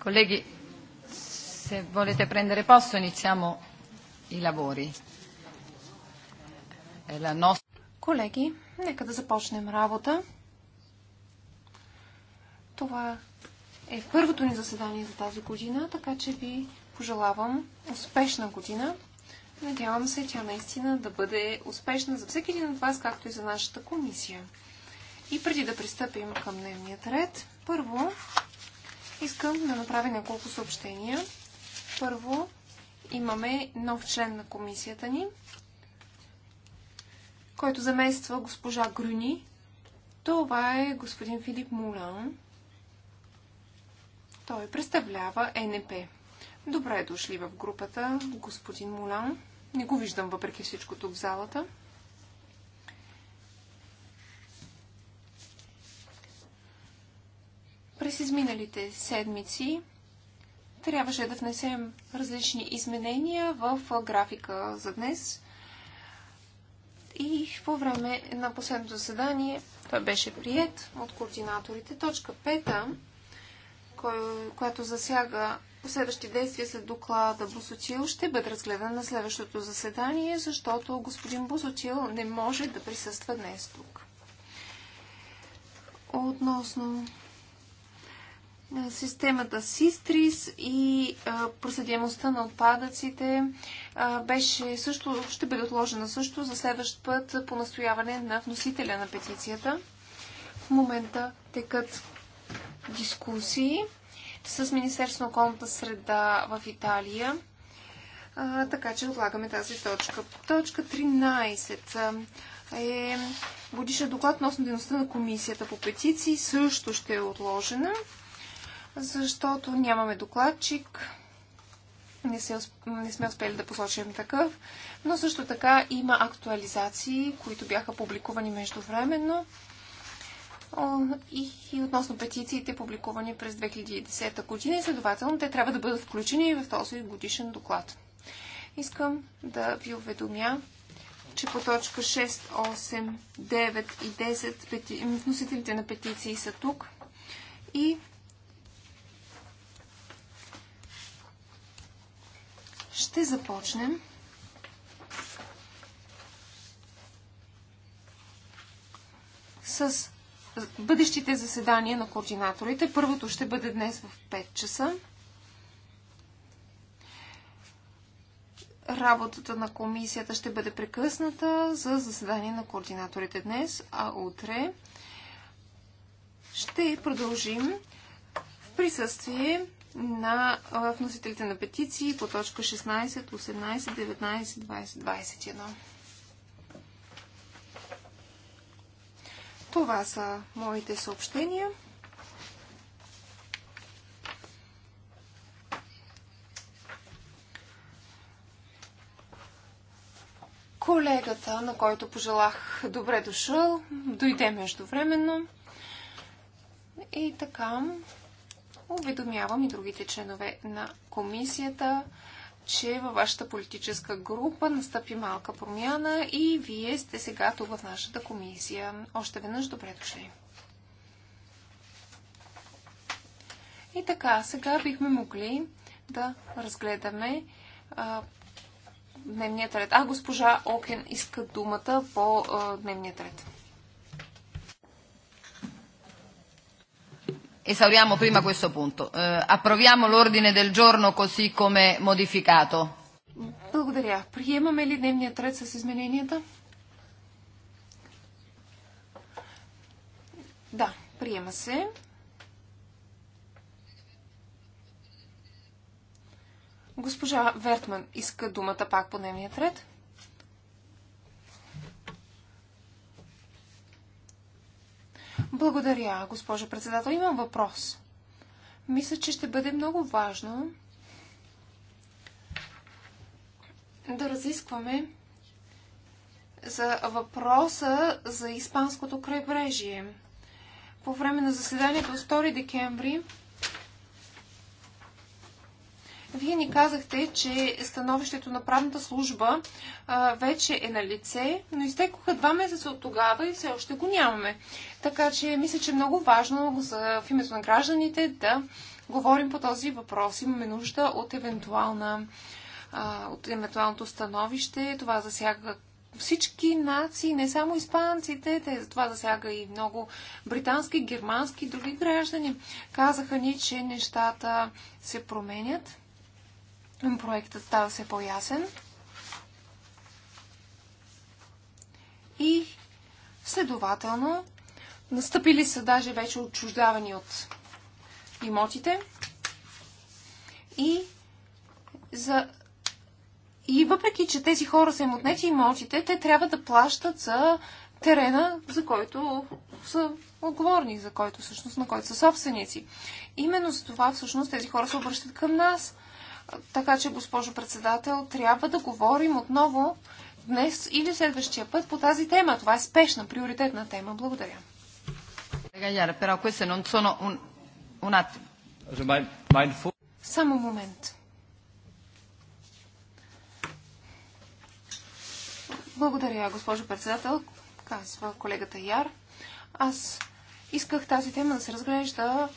Colleghi, se volete prendere posto iniziamo i lavori. Колеги, нека да започнем работа. Това е първото ни заседание за тази година, така че ви пожелавам успешна година. Надявам се тя наистина да бъде успешна за всеки един от вас, както и за нашата комисия. И преди да пристъпим към дневният ред, първо Искам да направя няколко съобщения. Първо, имаме нов член на комисията ни, който замества госпожа Груни. Това е господин Филип Мулан. Той представлява НП. Добре дошли в групата, господин Мулан. Не го виждам въпреки всичко тук в залата. През изминалите седмици трябваше да внесем различни изменения в графика за днес. И по време на последното заседание това беше прият от координаторите. Точка 5, която засяга последващи действия след доклада Бусотил, ще бъде разгледана на следващото заседание, защото господин Бусотил не може да присъства днес тук. Относно е, системата Систрис и е, проследимостта на отпадъците е, беше също, ще бъде отложена също за следващ път по настояване на вносителя на петицията. В момента текат дискусии с Министерство на околната среда в Италия. А, така че отлагаме тази точка. Точка 13 е годишен доклад относно дейността на комисията по петиции. Също ще е отложена защото нямаме докладчик. Не, се, не сме успели да посочим такъв, но също така има актуализации, които бяха публикувани междувременно и, и относно петициите, публикувани през 2010 година и следователно те трябва да бъдат включени в този годишен доклад. Искам да ви уведомя, че по точка 6, 8, 9 и 10 вносителите на петиции са тук и Ще започнем. с бъдещите заседания на координаторите. Първото ще бъде днес в 5 часа. Работата на комисията ще бъде прекъсната за заседание на координаторите днес, а утре ще продължим в присъствие на вносителите на петиции по точка 16, 18, 19, 20, 21. Това са моите съобщения. Колегата, на който пожелах добре дошъл, дойде междувременно. И така, уведомявам и другите членове на комисията, че във вашата политическа група настъпи малка промяна и вие сте сега тук в нашата комисия. Още веднъж добре дошли. И така, сега бихме могли да разгледаме а, дневният ред. А, госпожа Окен иска думата по а, дневният ред. esauriamo prima questo punto. Eh, approviamo l'ordine del giorno così come modificato. Да, приема се. Госпожа Вертман иска думата пак по дневния ред. Благодаря, госпожо председател. Имам въпрос. Мисля, че ще бъде много важно да разискваме за въпроса за Испанското крайбрежие. По време на заседанието 2 декември вие ни казахте, че становището на правната служба а, вече е на лице, но изтекоха два месеца от тогава и все още го нямаме. Така че мисля, че е много важно за, в името на гражданите да говорим по този въпрос. Имаме нужда от, евентуална, а, от евентуалното становище. Това засяга всички нации, не само испанците, те, това засяга и много британски, германски и други граждани. Казаха ни, че нещата се променят проектът става все по-ясен. И следователно, настъпили са даже вече отчуждавани от имотите. И, за... и въпреки, че тези хора са им отнети имотите, те трябва да плащат за терена, за който са отговорни, за който всъщност, на който са собственици. Именно за това всъщност тези хора се обръщат към нас – така че, госпожо председател, трябва да говорим отново днес или следващия път по тази тема. Това е спешна, приоритетна тема. Благодаря. Само момент. Благодаря, госпожо председател, казва колегата Яр. Аз исках тази тема да се разглежда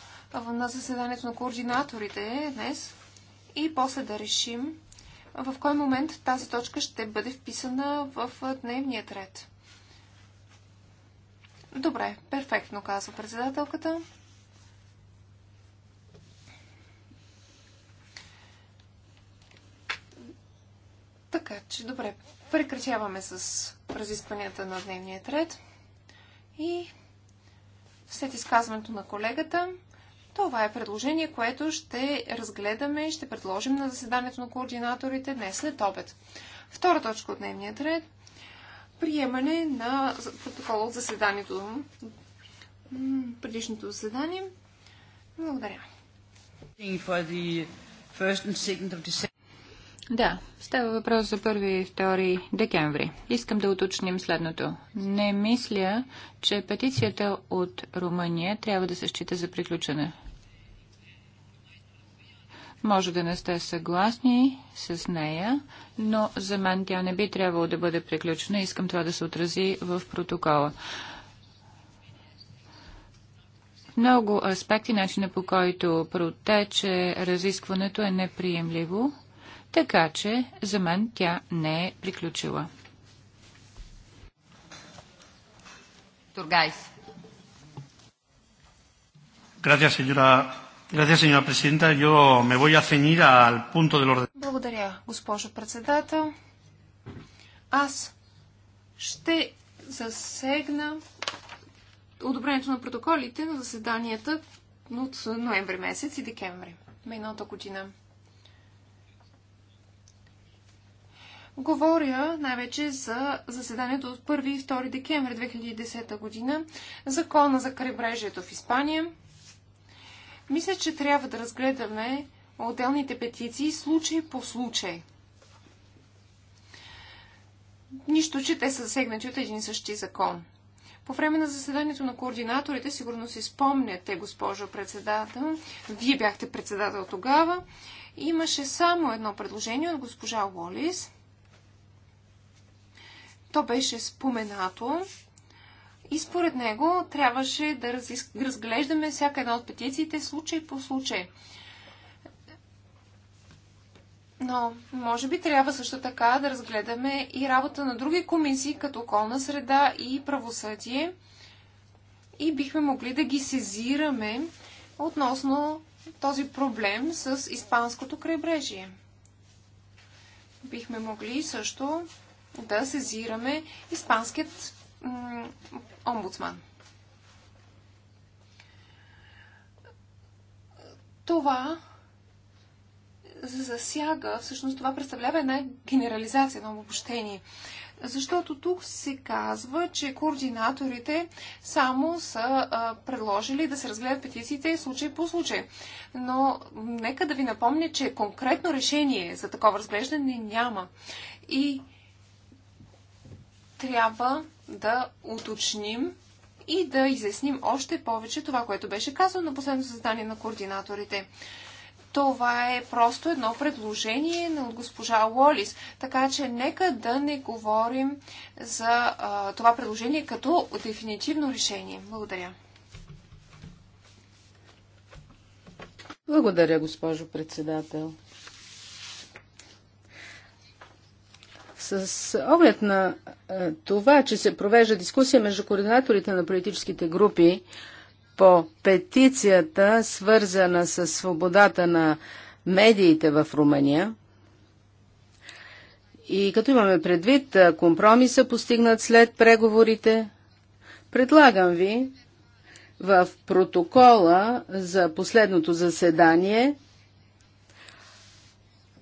на заседанието на координаторите днес, и после да решим в кой момент тази точка ще бъде вписана в дневният ред. Добре, перфектно, казва председателката. Така че, добре, прекратяваме с разискванията на дневния ред и след изказването на колегата това е предложение, което ще разгледаме и ще предложим на заседанието на координаторите днес след обед. Втора точка от дневния ред приемане на протокола от заседанието. Предишното заседание. Благодаря. Да, става въпрос за 1 и 2 декември. Искам да уточним следното. Не мисля, че петицията от Румъния трябва да се счита за приключена. Може да не сте съгласни с нея, но за мен тя не би трябвало да бъде приключена. Искам това да се отрази в протокола. Много аспекти, начина по който протече разискването е неприемливо, така че за мен тя не е приключила. Тургайс. Gracias, сеньора Gracias, señora presidenta. Yo me voy a ceñir al punto del orden. Благодаря, госпожо председател. Аз ще засегна одобрението на протоколите на заседанията от ноември месец и декември миналата година. Говоря най-вече за заседанието от 1 и 2 декември 2010 година, закона за крайбрежието в Испания – мисля, че трябва да разгледаме отделните петиции случай по случай. Нищо, че те са засегнати от един и същи закон. По време на заседанието на координаторите, сигурно си спомняте, госпожо председател, вие бяхте председател тогава, имаше само едно предложение от госпожа Уолис. То беше споменато и според него трябваше да разглеждаме всяка една от петициите случай по случай. Но, може би трябва също така да разгледаме и работа на други комисии, като околна среда и правосъдие. И бихме могли да ги сезираме относно този проблем с Испанското крайбрежие. Бихме могли също да сезираме Испанският омбудсман. Това засяга, всъщност това представлява една генерализация на обобщение. Защото тук се казва, че координаторите само са а, предложили да се разгледат петициите случай по случай. Но нека да ви напомня, че конкретно решение за такова разглеждане няма. И трябва да уточним и да изясним още повече това, което беше казано на последното създание на координаторите. Това е просто едно предложение на госпожа Лолис. Така че нека да не говорим за а, това предложение като дефинитивно решение. Благодаря. Благодаря, госпожо председател. С оглед на е, това, че се провежда дискусия между координаторите на политическите групи по петицията, свързана с свободата на медиите в Румъния, и като имаме предвид е, компромиса, постигнат след преговорите, предлагам ви в протокола за последното заседание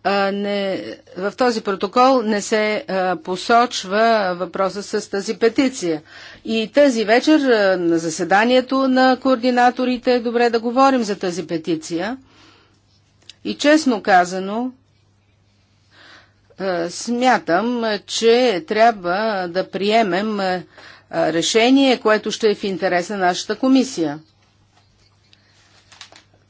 не, в този протокол не се а, посочва въпроса с тази петиция. И тази вечер а, на заседанието на координаторите е добре да говорим за тази петиция. И честно казано, а, смятам, че трябва да приемем решение, което ще е в интерес на нашата комисия.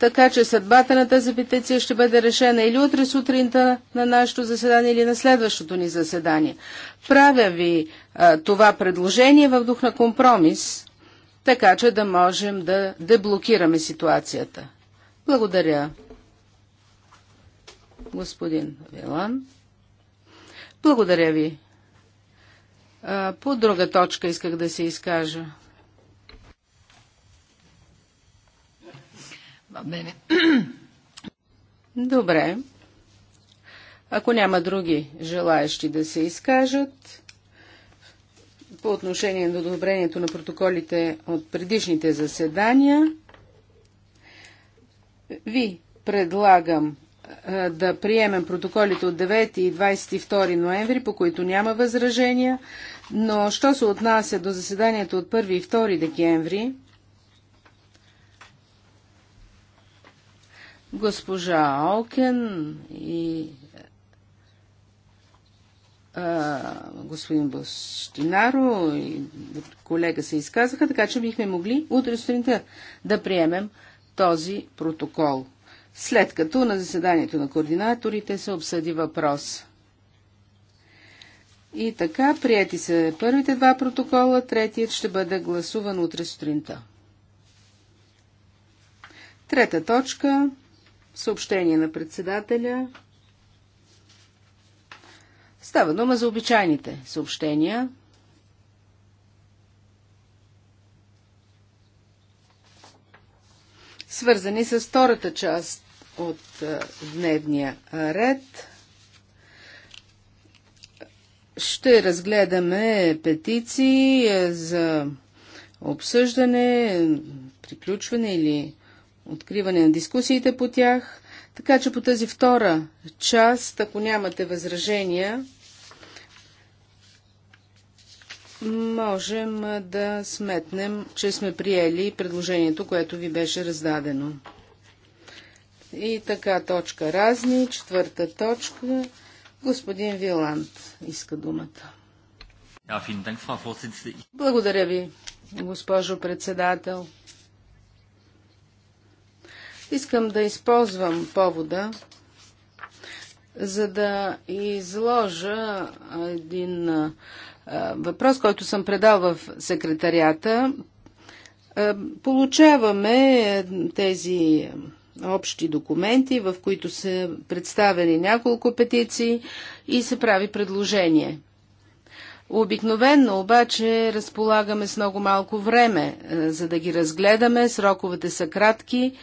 Така че съдбата на тази петиция ще бъде решена или утре сутринта на нашето заседание, или на следващото ни заседание. Правя ви а, това предложение в дух на компромис, така че да можем да деблокираме ситуацията. Благодаря, господин Вилан. Благодаря ви. А, по друга точка исках да се изкажа. Va bene. Добре. Ако няма други желаящи да се изкажат по отношение на одобрението на протоколите от предишните заседания, ви предлагам да приемем протоколите от 9 и 22 ноември, по които няма възражения, но що се отнася до заседанието от 1 и 2 декември, Госпожа Алкен и господин Бостинаро и колега се изказаха, така че бихме могли утре сутринта да приемем този протокол. След като на заседанието на координаторите се обсъди въпрос. И така, прияти се първите два протокола, третият ще бъде гласуван утре сутринта. Трета точка Съобщение на председателя. Става дума за обичайните съобщения. Свързани с втората част от дневния ред. Ще разгледаме петиции е, за обсъждане, приключване или откриване на дискусиите по тях. Така че по тази втора част, ако нямате възражения, можем да сметнем, че сме приели предложението, което ви беше раздадено. И така, точка разни, четвърта точка. Господин Виланд иска думата. Благодаря ви, госпожо председател. Искам да използвам повода, за да изложа един въпрос, който съм предал в секретарията. получаваме тези общи документи, в които са представени няколко петиции и се прави предложение. Обикновенно обаче разполагаме с много малко време, за да ги разгледаме. Сроковете са кратки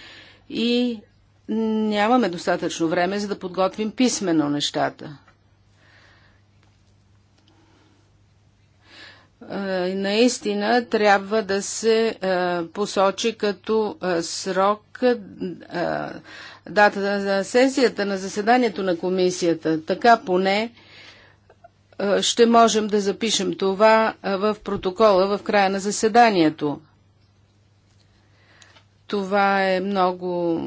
и нямаме достатъчно време, за да подготвим писменно нещата. наистина трябва да се посочи като срок датата на сесията, на заседанието на комисията. Така поне ще можем да запишем това в протокола в края на заседанието. Това е много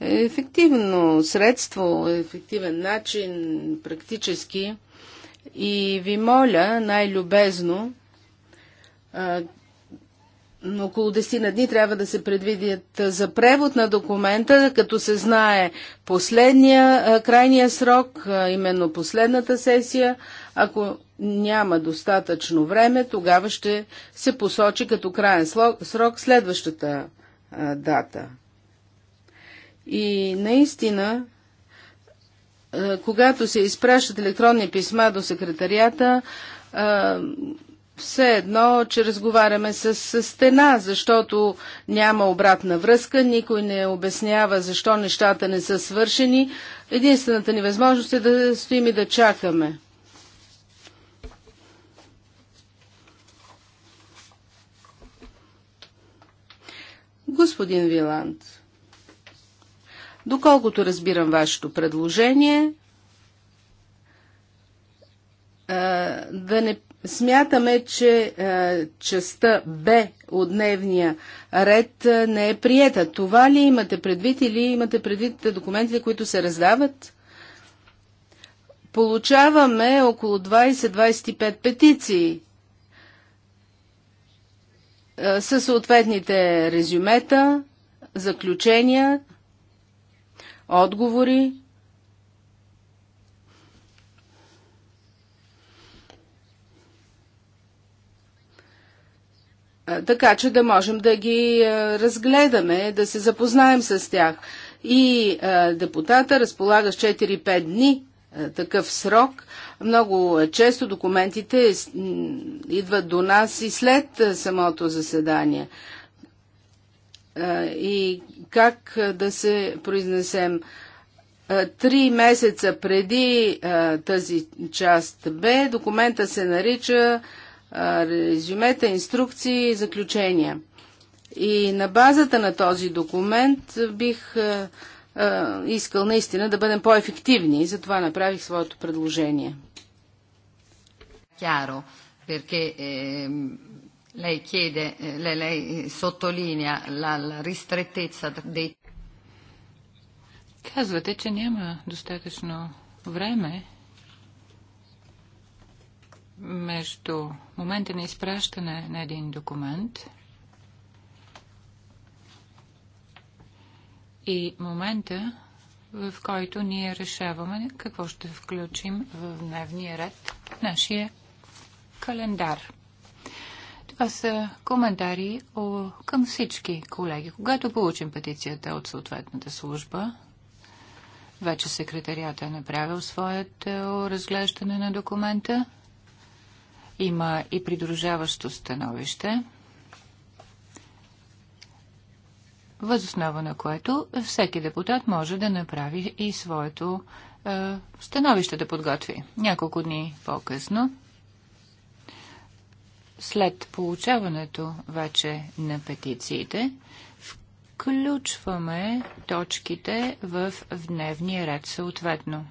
ефективно средство, ефективен начин, практически. И ви моля най-любезно, около 10 на дни трябва да се предвидят за превод на документа, като се знае последния, крайния срок, именно последната сесия. Ако няма достатъчно време, тогава ще се посочи като крайен срок следващата дата. И наистина, когато се изпращат електронни писма до секретарията, все едно, че разговаряме с стена, защото няма обратна връзка, никой не обяснява защо нещата не са свършени. Единствената ни възможност е да стоим и да чакаме. Господин Виланд, доколкото разбирам вашето предложение, да не смятаме, че частта Б от дневния ред не е приета. Това ли имате предвид или имате предвид документите, които се раздават? Получаваме около 20-25 петиции е, със съответните резюмета, заключения, отговори. Е, така че да можем да ги е, разгледаме, да се запознаем с тях. И депутата разполага с 4-5 дни такъв срок, много често документите е идват до нас и след е, самото заседание. Е, и как да се произнесем? Три месеца преди тази част Б документа се нарича резюмета, инструкции и заключения. И на базата на този документ бих искал наистина да бъдем по-ефективни и затова направих своето предложение. Chiaro, perché ehm, lei chiede, eh, lei, lei sottolinea la, la ristrettezza dei... Казвате, че няма достатъчно време между момента на изпращане на един документ – и момента, в който ние решаваме какво ще включим в дневния ред, в нашия календар. Това са коментари о, към всички колеги. Когато получим петицията от съответната служба, вече секретарията е направил своето разглеждане на документа. Има и придружаващо становище. възоснова на което всеки депутат може да направи и своето е, становище да подготви. Няколко дни по-късно, след получаването вече на петициите, включваме точките в дневния ред съответно.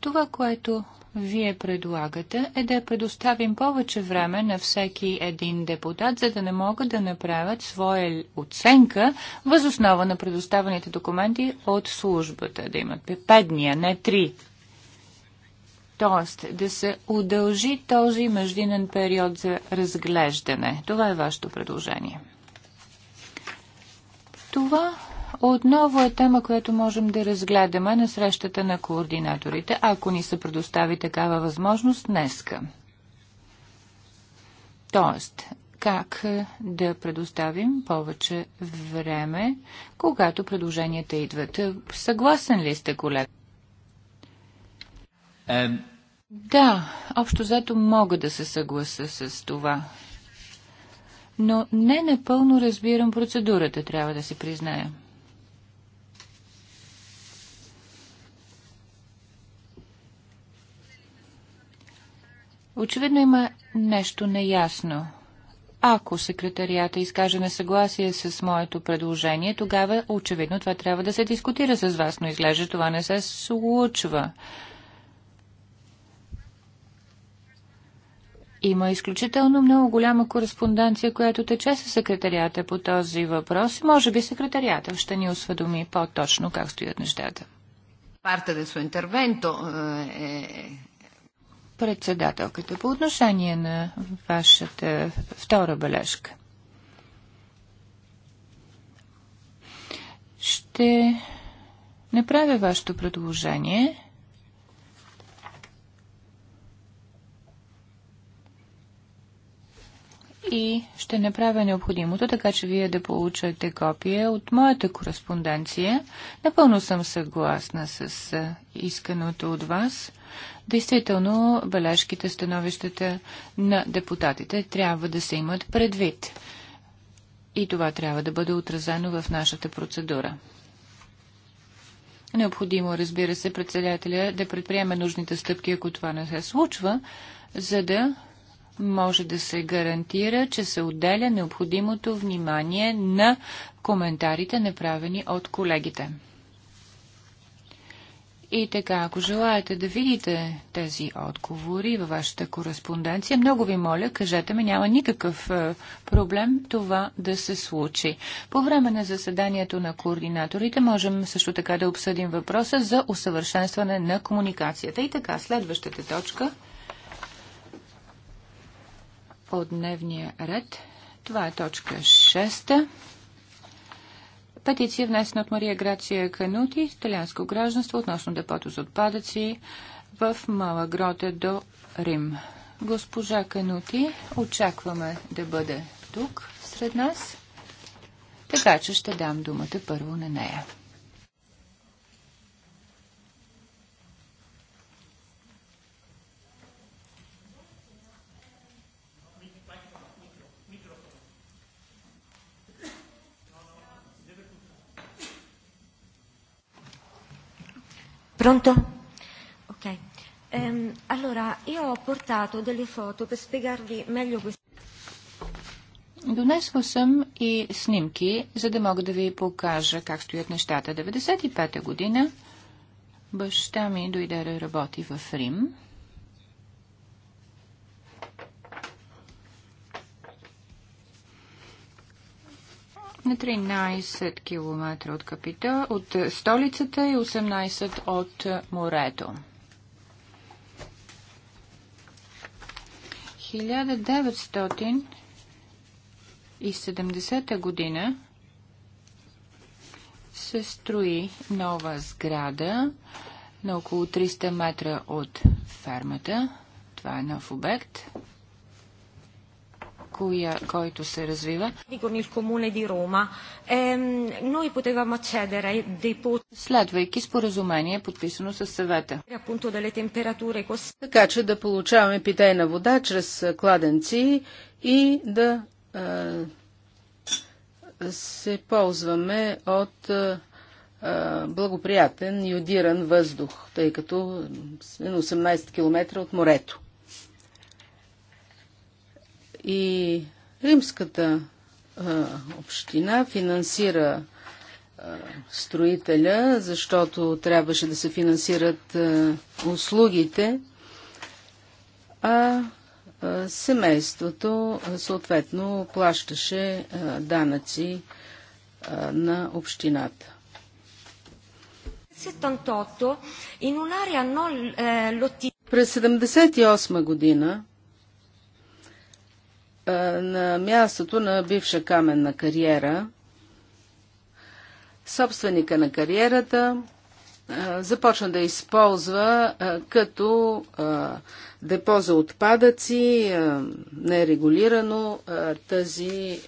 Това, което вие предлагате, е да предоставим повече време на всеки един депутат, за да не могат да направят своя оценка възоснова на предоставените документи от службата. Да имат пет дни, не три. Тоест да се удължи този междинен период за разглеждане. Това е вашето предложение. Това отново е тема, която можем да разгледаме на срещата на координаторите, ако ни се предостави такава възможност днеска. Тоест, как е, да предоставим повече време, когато предложенията идват. Съгласен ли сте, колега? Um... Да, общо зато мога да се съгласа с това. Но не напълно разбирам процедурата, трябва да се призная. Очевидно има нещо неясно. Ако секретарията изкаже несъгласие с моето предложение, тогава очевидно това трябва да се дискутира с вас, но изглежда това не се случва. Има изключително много голяма кореспонденция, която тече с секретарията по този въпрос. Може би секретарията ще ни осведоми по-точно как стоят нещата. Парта де интервенто е. Председателката, по отношение на вашата втора бележка. Ще направя вашето предложение. и ще направя необходимото, така че вие да получате копия от моята кореспонденция. Напълно съм съгласна с исканото от вас. Действително, бележките, становищата на депутатите трябва да се имат предвид. И това трябва да бъде отразено в нашата процедура. Необходимо, разбира се, председателя да предприеме нужните стъпки, ако това не се случва, за да може да се гарантира, че се отделя необходимото внимание на коментарите, направени от колегите. И така, ако желаете да видите тези отговори във вашата кореспонденция, много ви моля, кажете ми, няма никакъв е, проблем това да се случи. По време на заседанието на координаторите можем също така да обсъдим въпроса за усъвършенстване на комуникацията. И така, следващата точка от дневния ред. Това е точка 6 петиция, внесена от Мария Грация Канути, италианско гражданство, относно депото за отпадъци в Мала Гроте до Рим. Госпожа Канути, очакваме да бъде тук сред нас, така че ще дам думата първо на нея. Pronto? Ok. Um, allora, io ho portato delle foto per spiegarvi meglio questo. Донесла съм и снимки, за да мога да ви покажа как стоят нещата. 95-та година баща ми дойде да работи в Рим. на 13 км от, капита, от столицата и 18 от морето. 1970 година се строи нова сграда на около 300 метра от фермата. Това е нов обект коя, който се развива. Следвайки споразумение, подписано с съвета. Е, така че да получаваме питейна вода чрез кладенци и да се ползваме от благоприятен йодиран въздух, тъй като 18 км от морето. И римската а, община финансира а, строителя, защото трябваше да се финансират а, услугите, а, а семейството а, съответно плащаше а, данъци а, на общината. през 78 година на мястото на бивша каменна кариера, собственика на кариерата започна да използва като депо за отпадъци, нерегулирано тази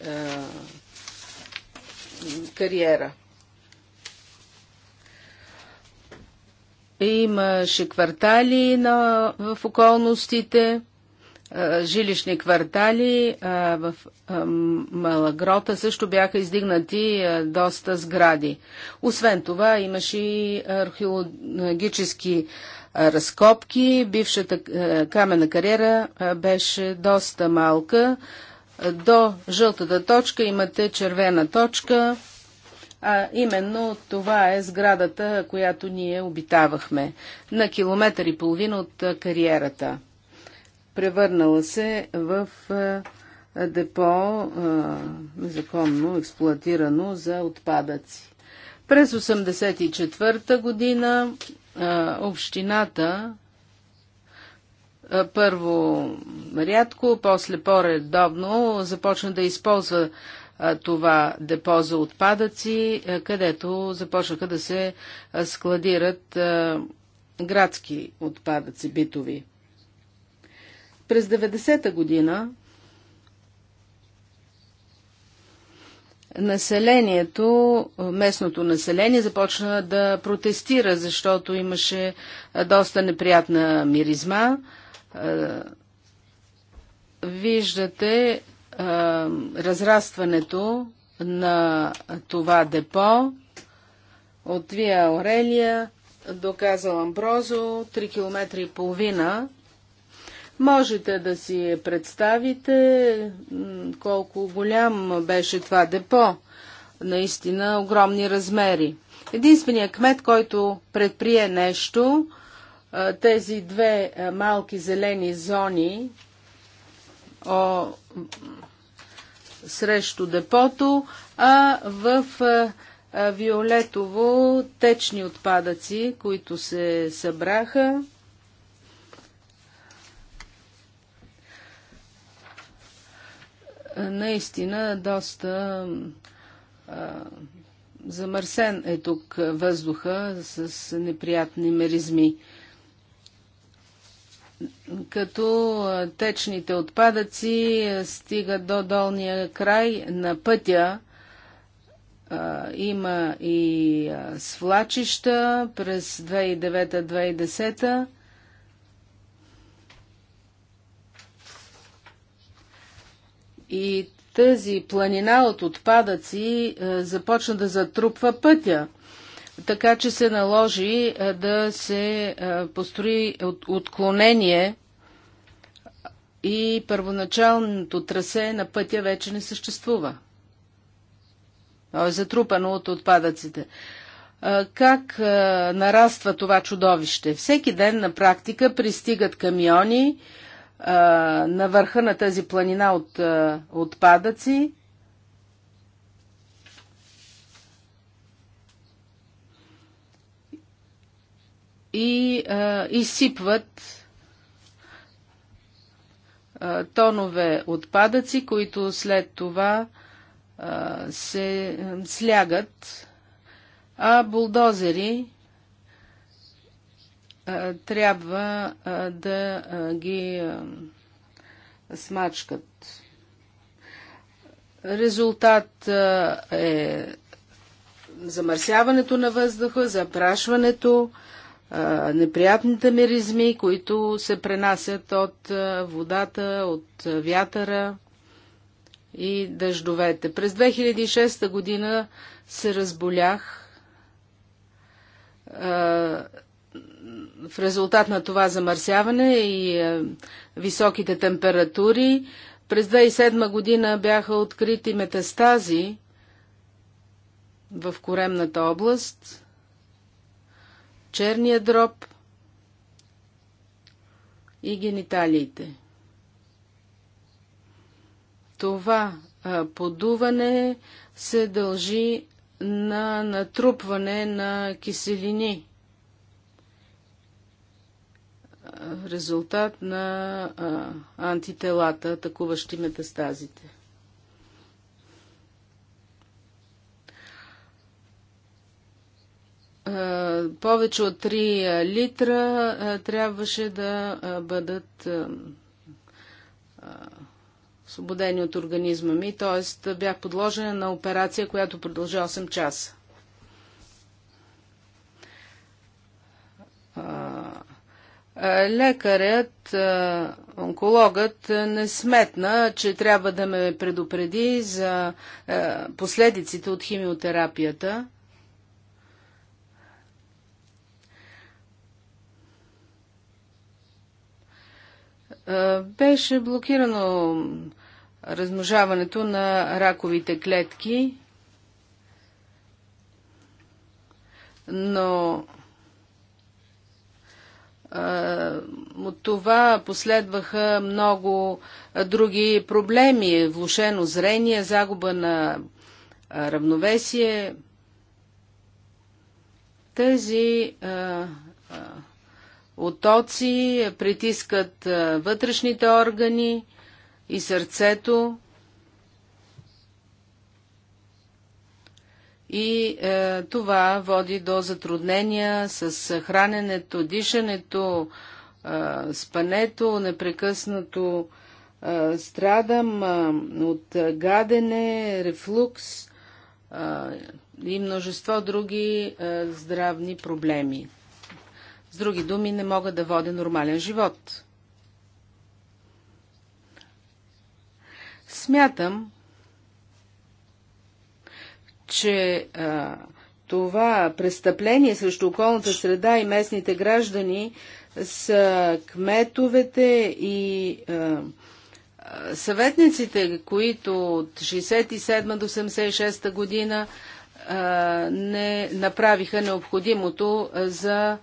кариера. Имаше квартали на, в околностите, жилищни квартали в Малагрота също бяха издигнати доста сгради. Освен това имаше и археологически разкопки. Бившата камена кариера беше доста малка. До жълтата точка имате червена точка. А, именно това е сградата, която ние обитавахме на километър и половина от кариерата превърнала се в депо, незаконно експлуатирано за отпадъци. През 1984 година общината първо рядко, после по-редовно започна да използва това депо за отпадъци, където започнаха да се складират градски отпадъци битови. През 90-та година населението, местното население започна да протестира, защото имаше доста неприятна миризма. Виждате разрастването на това депо от Вия Орелия до Казал Амброзо, 3 км и половина Можете да си представите колко голям беше това депо. Наистина огромни размери. Единственият кмет, който предприе нещо, тези две малки зелени зони о, срещу депото, а в виолетово течни отпадъци, които се събраха наистина доста а, замърсен е тук въздуха с неприятни меризми. Като течните отпадъци стигат до долния край на пътя, а, има и свлачища през 2009-2010 И тази планина от отпадъци е, започна да затрупва пътя. Така че се наложи е, да се е, построи отклонение и първоначалното трасе на пътя вече не съществува. Това е затрупано от отпадъците. Как нараства това чудовище? Всеки ден на практика пристигат камиони, на върха на тази планина от отпадъци. И а, изсипват а, тонове отпадъци, които след това а, се слягат, а булдозери трябва да ги смачкат. Резултат е замърсяването на въздуха, запрашването, неприятните миризми, които се пренасят от водата, от вятъра и дъждовете. През 2006 година се разболях в резултат на това замърсяване и е, високите температури през 2007 година бяха открити метастази в Коремната област, черния дроб и гениталиите. Това е, подуване се дължи на натрупване на киселини в резултат на а, антителата, атакуващи метастазите. А, повече от 3 литра а, трябваше да а, бъдат освободени от организма ми, т.е. бях подложена на операция, която продължа 8 часа. Е, лекарят, е, онкологът не сметна, че трябва да ме предупреди за е, последиците от химиотерапията. Беше блокирано размножаването на раковите клетки, но от това последваха много други проблеми. Влушено зрение, загуба на равновесие. Тези отоци притискат вътрешните органи и сърцето. И е, това води до затруднения с храненето, дишането, е, спането, непрекъснато е, страдам е, от гадене, рефлукс е, и множество други е, здравни проблеми. С други думи, не мога да водя нормален живот. Смятам, че а, това престъпление срещу околната среда и местните граждани са кметовете и а, съветниците, които от 67 до 86 година а, не направиха необходимото за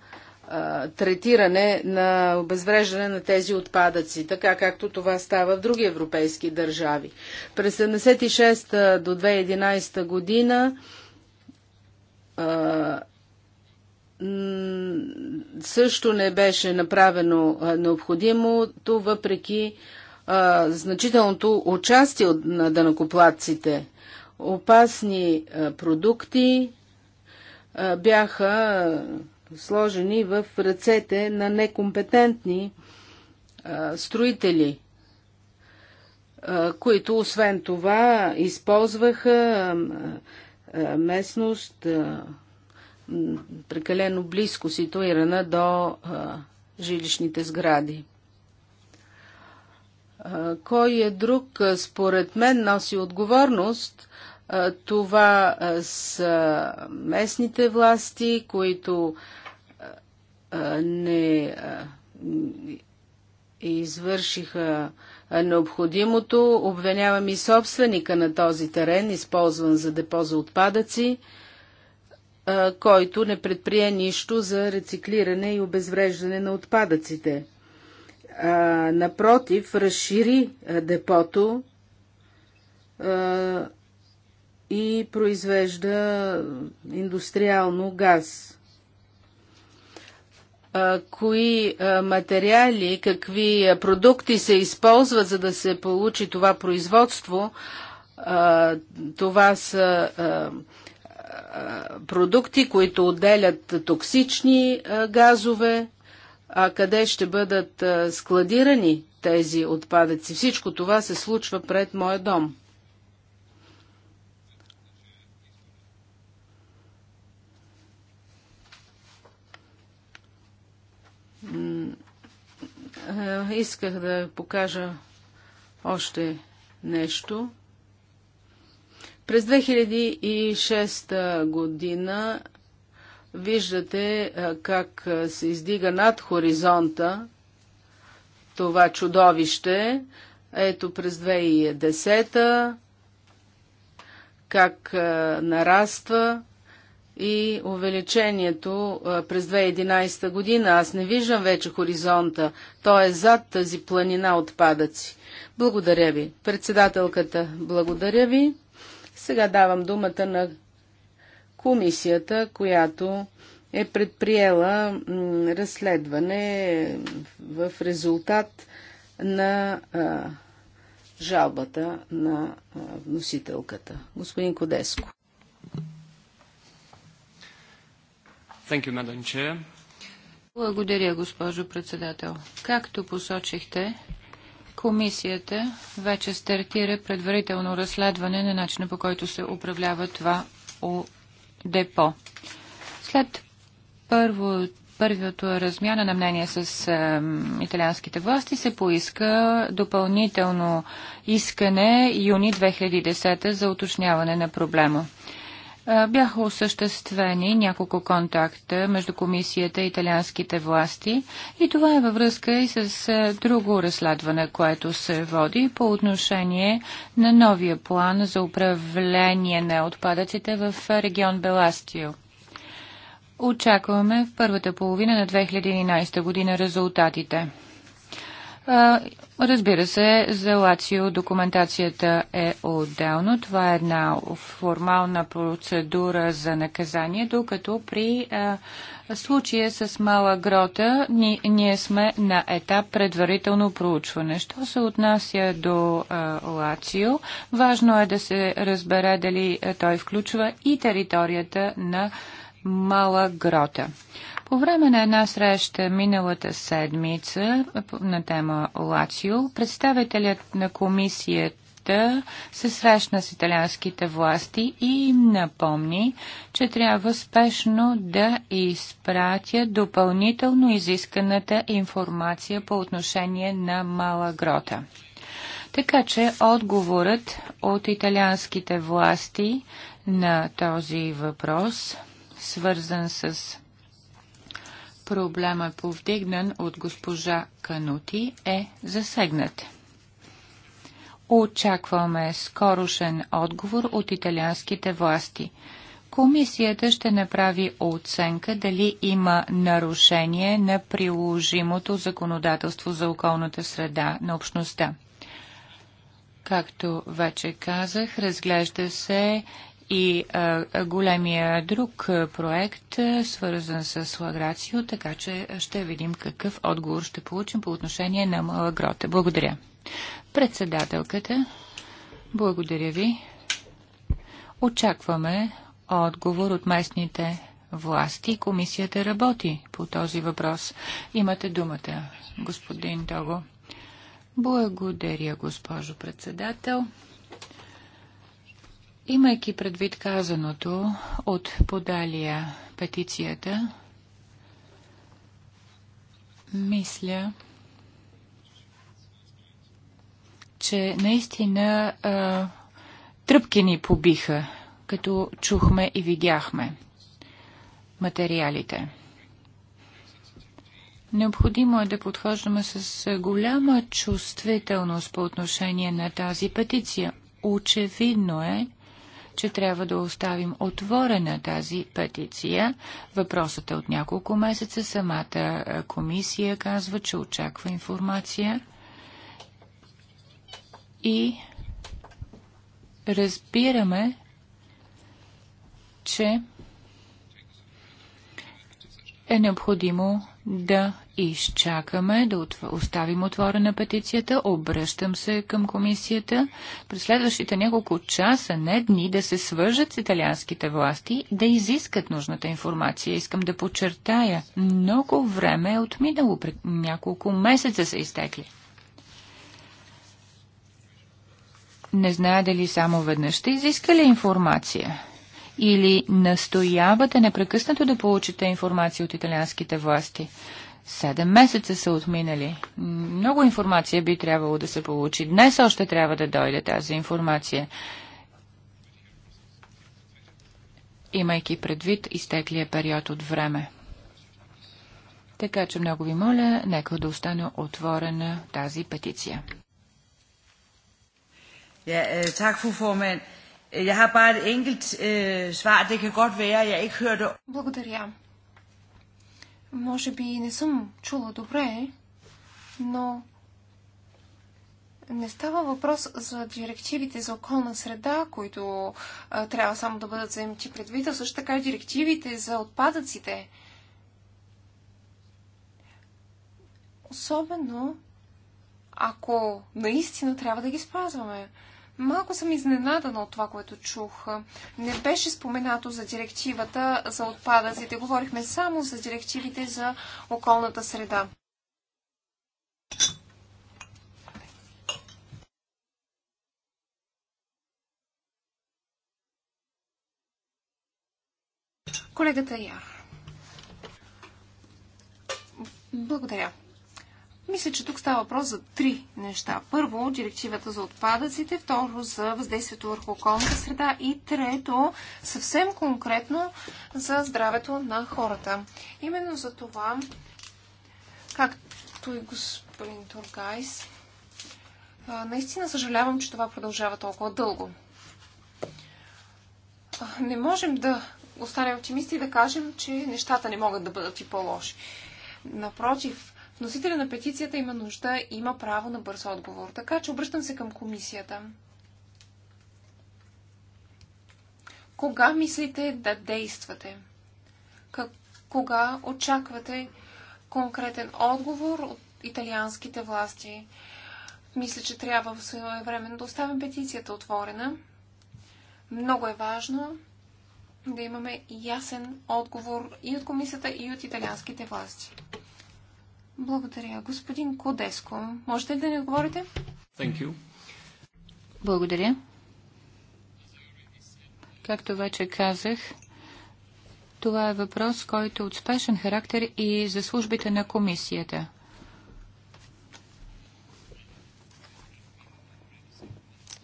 третиране на обезвреждане на тези отпадъци, така както това става в други европейски държави. През 76 до 2011 година също не беше направено необходимото, въпреки значителното участие на данакоплатците. Опасни продукти бяха сложени в ръцете на некомпетентни строители, които освен това използваха местност прекалено близко ситуирана до жилищните сгради. Кой е друг, според мен, носи отговорност това са местните власти, които не извършиха необходимото. Обвинявам и собственика на този терен, използван за депо за отпадъци, който не предприе нищо за рециклиране и обезвреждане на отпадъците. Напротив, разшири депото и произвежда индустриално газ. Кои материали, какви продукти се използват, за да се получи това производство, това са продукти, които отделят токсични газове, а къде ще бъдат складирани тези отпадъци. Всичко това се случва пред моя дом. Е, исках да покажа още нещо. През 2006 година виждате е, как е, се издига над хоризонта това чудовище. Ето през 2010 как нараства и увеличението през 2011 година. Аз не виждам вече хоризонта. Той е зад тази планина отпадъци. Благодаря ви. Председателката, благодаря ви. Сега давам думата на комисията, която е предприела разследване в резултат на жалбата на вносителката, господин Кодеско. Thank you, Madam Chair. Благодаря, госпожо председател. Както посочихте, комисията вече стартира предварително разследване на начина по който се управлява това депо. След първо първото размяна на мнение с е, италианските власти се поиска допълнително искане юни 2010 за уточняване на проблема. Бяха осъществени няколко контакта между комисията и италианските власти и това е във връзка и с друго разследване, което се води по отношение на новия план за управление на отпадъците в регион Беластио. Очакваме в първата половина на 2011 година резултатите. Разбира се, за Лацио документацията е отделно. Това е една формална процедура за наказание, докато при а, случая с Мала Грота ни, ние сме на етап предварително проучване. Що се отнася до а, Лацио, важно е да се разбере дали той включва и територията на Мала Грота. По време на една среща миналата седмица на тема Лацио, представителят на комисията се срещна с италианските власти и им напомни, че трябва спешно да изпратя допълнително изисканата информация по отношение на Мала Грота. Така че отговорът от италианските власти на този въпрос, свързан с проблема е повдигнан от госпожа Канути е засегнат. Очакваме скорошен отговор от италианските власти. Комисията ще направи оценка дали има нарушение на приложимото законодателство за околната среда на общността. Както вече казах, разглежда се и а, големия друг проект, свързан с Лаграцио, така че ще видим какъв отговор ще получим по отношение на малагрота. Благодаря. Председателката, благодаря ви. Очакваме отговор от местните власти. Комисията работи по този въпрос. Имате думата, господин Того. Благодаря, госпожо председател. Имайки предвид казаното от подалия петицията, мисля, че наистина а, тръпки ни побиха, като чухме и видяхме материалите. Необходимо е да подхождаме с голяма чувствителност по отношение на тази петиция. Очевидно е, че трябва да оставим отворена тази петиция. Въпросът е от няколко месеца. Самата комисия казва, че очаква информация. И разбираме, че е необходимо да изчакаме, да оставим отворена петицията. Обръщам се към комисията. През следващите няколко часа, не дни, да се свържат с италианските власти, да изискат нужната информация. Искам да подчертая, много време е отминало, няколко месеца са изтекли. Не зная дали само веднъж ще изискали информация или настоявате непрекъснато да получите информация от италианските власти. Седем месеца са отминали. Много информация би трябвало да се получи. Днес още трябва да дойде тази информация. Имайки предвид изтеклия период от време. Така че много ви моля, нека да остане отворена тази петиция. Ja, øh, tak, fru formand. Jeg har bare et enkelt øh, svar. Det kan godt være, at jeg ikke hørte... Благодаря. Може би не съм чула добре, но не става въпрос за директивите за околна среда, които а, трябва само да бъдат вземти предвид, а също така и директивите за отпадъците. Особено ако наистина трябва да ги спазваме. Малко съм изненадана от това, което чух. Не беше споменато за директивата за отпадъците. Говорихме само за директивите за околната среда. Колегата Яр. Благодаря. Мисля, че тук става въпрос за три неща. Първо, директивата за отпадъците, второ, за въздействието върху околната среда и трето, съвсем конкретно, за здравето на хората. Именно за това, както и господин Тургайс, наистина съжалявам, че това продължава толкова дълго. Не можем да останем оптимисти и да кажем, че нещата не могат да бъдат и по-лоши. Напротив, Носителя на петицията има нужда, има право на бърз отговор. Така че обръщам се към комисията. Кога мислите да действате? Как, кога очаквате конкретен отговор от италианските власти? Мисля, че трябва в своевременно да оставим петицията отворена. Много е важно да имаме ясен отговор и от комисията, и от италианските власти. Благодаря. Господин Кодеско, можете ли да ни отговорите? Thank you. Благодаря. Както вече казах, това е въпрос, който е от спешен характер и за службите на комисията.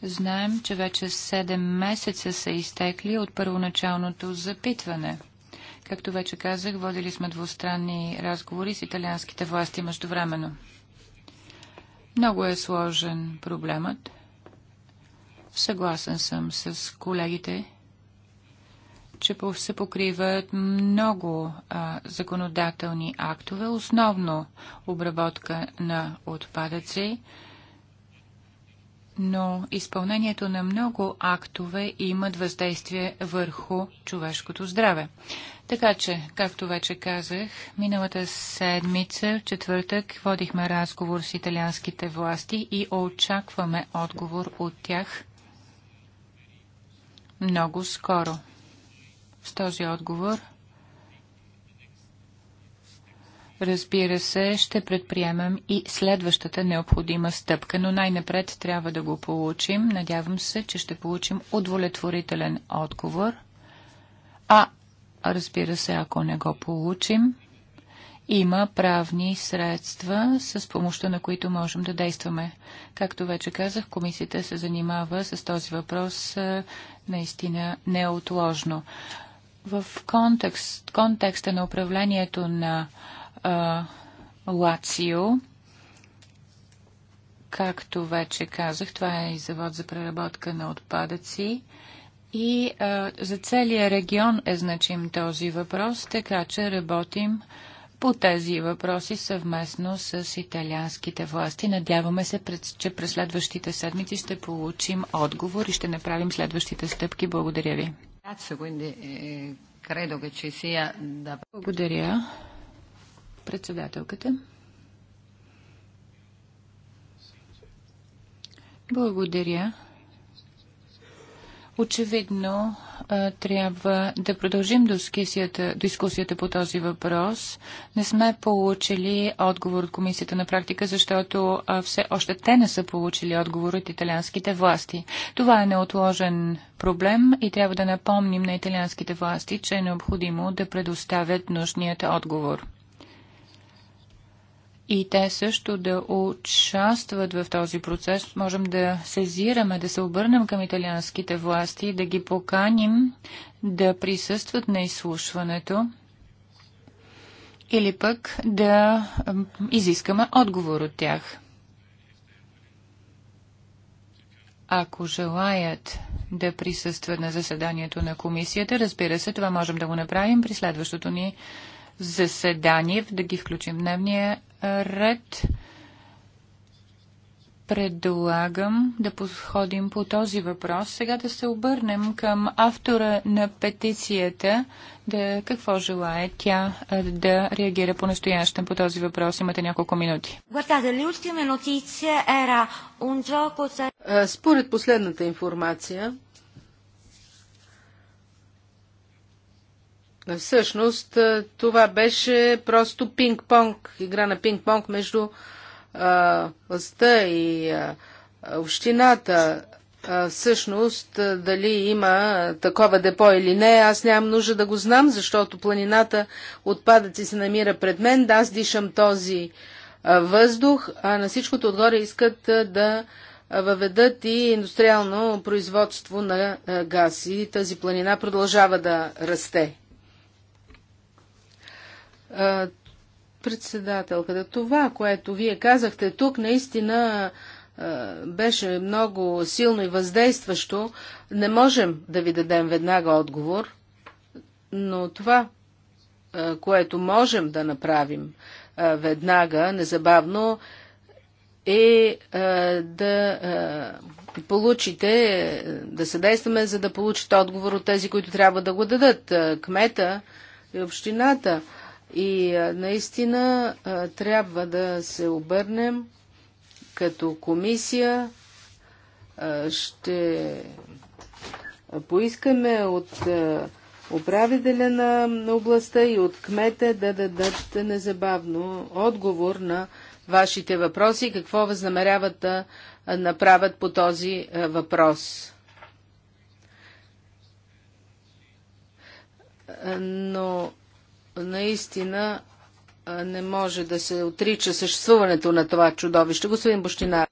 Знаем, че вече 7 месеца са изтекли от първоначалното запитване. Както вече казах, водили сме двустранни разговори с италианските власти междувременно. Много е сложен проблемът. Съгласен съм с колегите, че се покриват много а, законодателни актове, основно обработка на отпадъци, но изпълнението на много актове имат въздействие върху човешкото здраве. Така че, както вече казах, миналата седмица, четвъртък, водихме разговор с италианските власти и очакваме отговор от тях много скоро. С този отговор разбира се, ще предприемем и следващата необходима стъпка, но най-напред трябва да го получим. Надявам се, че ще получим удовлетворителен отговор. А, разбира се, ако не го получим, има правни средства, с помощта на които можем да действаме. Както вече казах, комисията се занимава с този въпрос наистина неотложно. В контекст, контекста на управлението на Лацио. Както вече казах, това е и завод за преработка на отпадъци. И а, за целия регион е значим този въпрос, така че работим по тези въпроси съвместно с италианските власти. Надяваме се, че през следващите седмици ще получим отговор и ще направим следващите стъпки. Благодаря ви. Eh, Благодаря. Председателката. Благодаря. Очевидно трябва да продължим дискусията, по този въпрос. Не сме получили отговор от комисията на практика, защото все още те не са получили отговор от италианските власти. Това е неотложен проблем и трябва да напомним на италианските власти, че е необходимо да предоставят нужният отговор и те също да участват в този процес. Можем да сезираме, да се обърнем към италианските власти и да ги поканим да присъстват на изслушването или пък да изискаме отговор от тях. Ако желаят да присъстват на заседанието на комисията, разбира се, това можем да го направим при следващото ни заседание, да ги включим в дневния ред. Предлагам да подходим по този въпрос. Сега да се обърнем към автора на петицията, да какво желая тя да реагира по настоящем по този въпрос. Имате няколко минути. Е, според последната информация, Всъщност това беше просто пинг-понг, игра на пинг-понг между а, властта и а, общината. А, всъщност дали има такова депо или не, аз нямам нужда да го знам, защото планината отпадъци се намира пред мен, да аз дишам този а, въздух, а на всичкото отгоре искат а, да въведат и индустриално производство на газ и тази планина продължава да расте. Председателката, това, което вие казахте тук, наистина беше много силно и въздействащо. Не можем да ви дадем веднага отговор, но това, което можем да направим веднага, незабавно, е да получите, да съдействаме, за да получите отговор от тези, които трябва да го дадат. Кмета и общината. И наистина трябва да се обърнем като комисия. Ще поискаме от управителя на областта и от кмета да дадат незабавно отговор на вашите въпроси какво възнамеряват да направят по този въпрос. Но наистина не може да се отрича съществуването на това чудовище. Господин Бощина.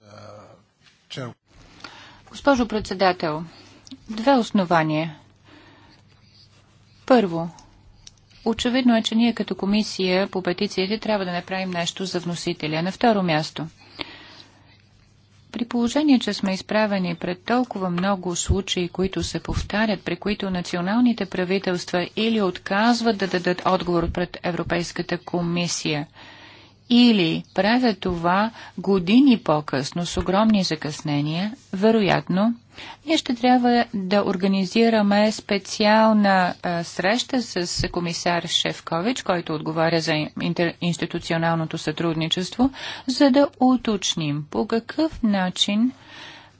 Госпожо председател, две основания. Първо, очевидно е, че ние като комисия по петициите трябва да направим нещо за вносителя. На второ място – при положение, че сме изправени пред толкова много случаи, които се повтарят, при които националните правителства или отказват да дадат отговор пред Европейската комисия, или правят това години по-късно с огромни закъснения, вероятно ние ще трябва да организираме специална среща с комисар Шевкович, който отговаря за институционалното сътрудничество, за да уточним по какъв начин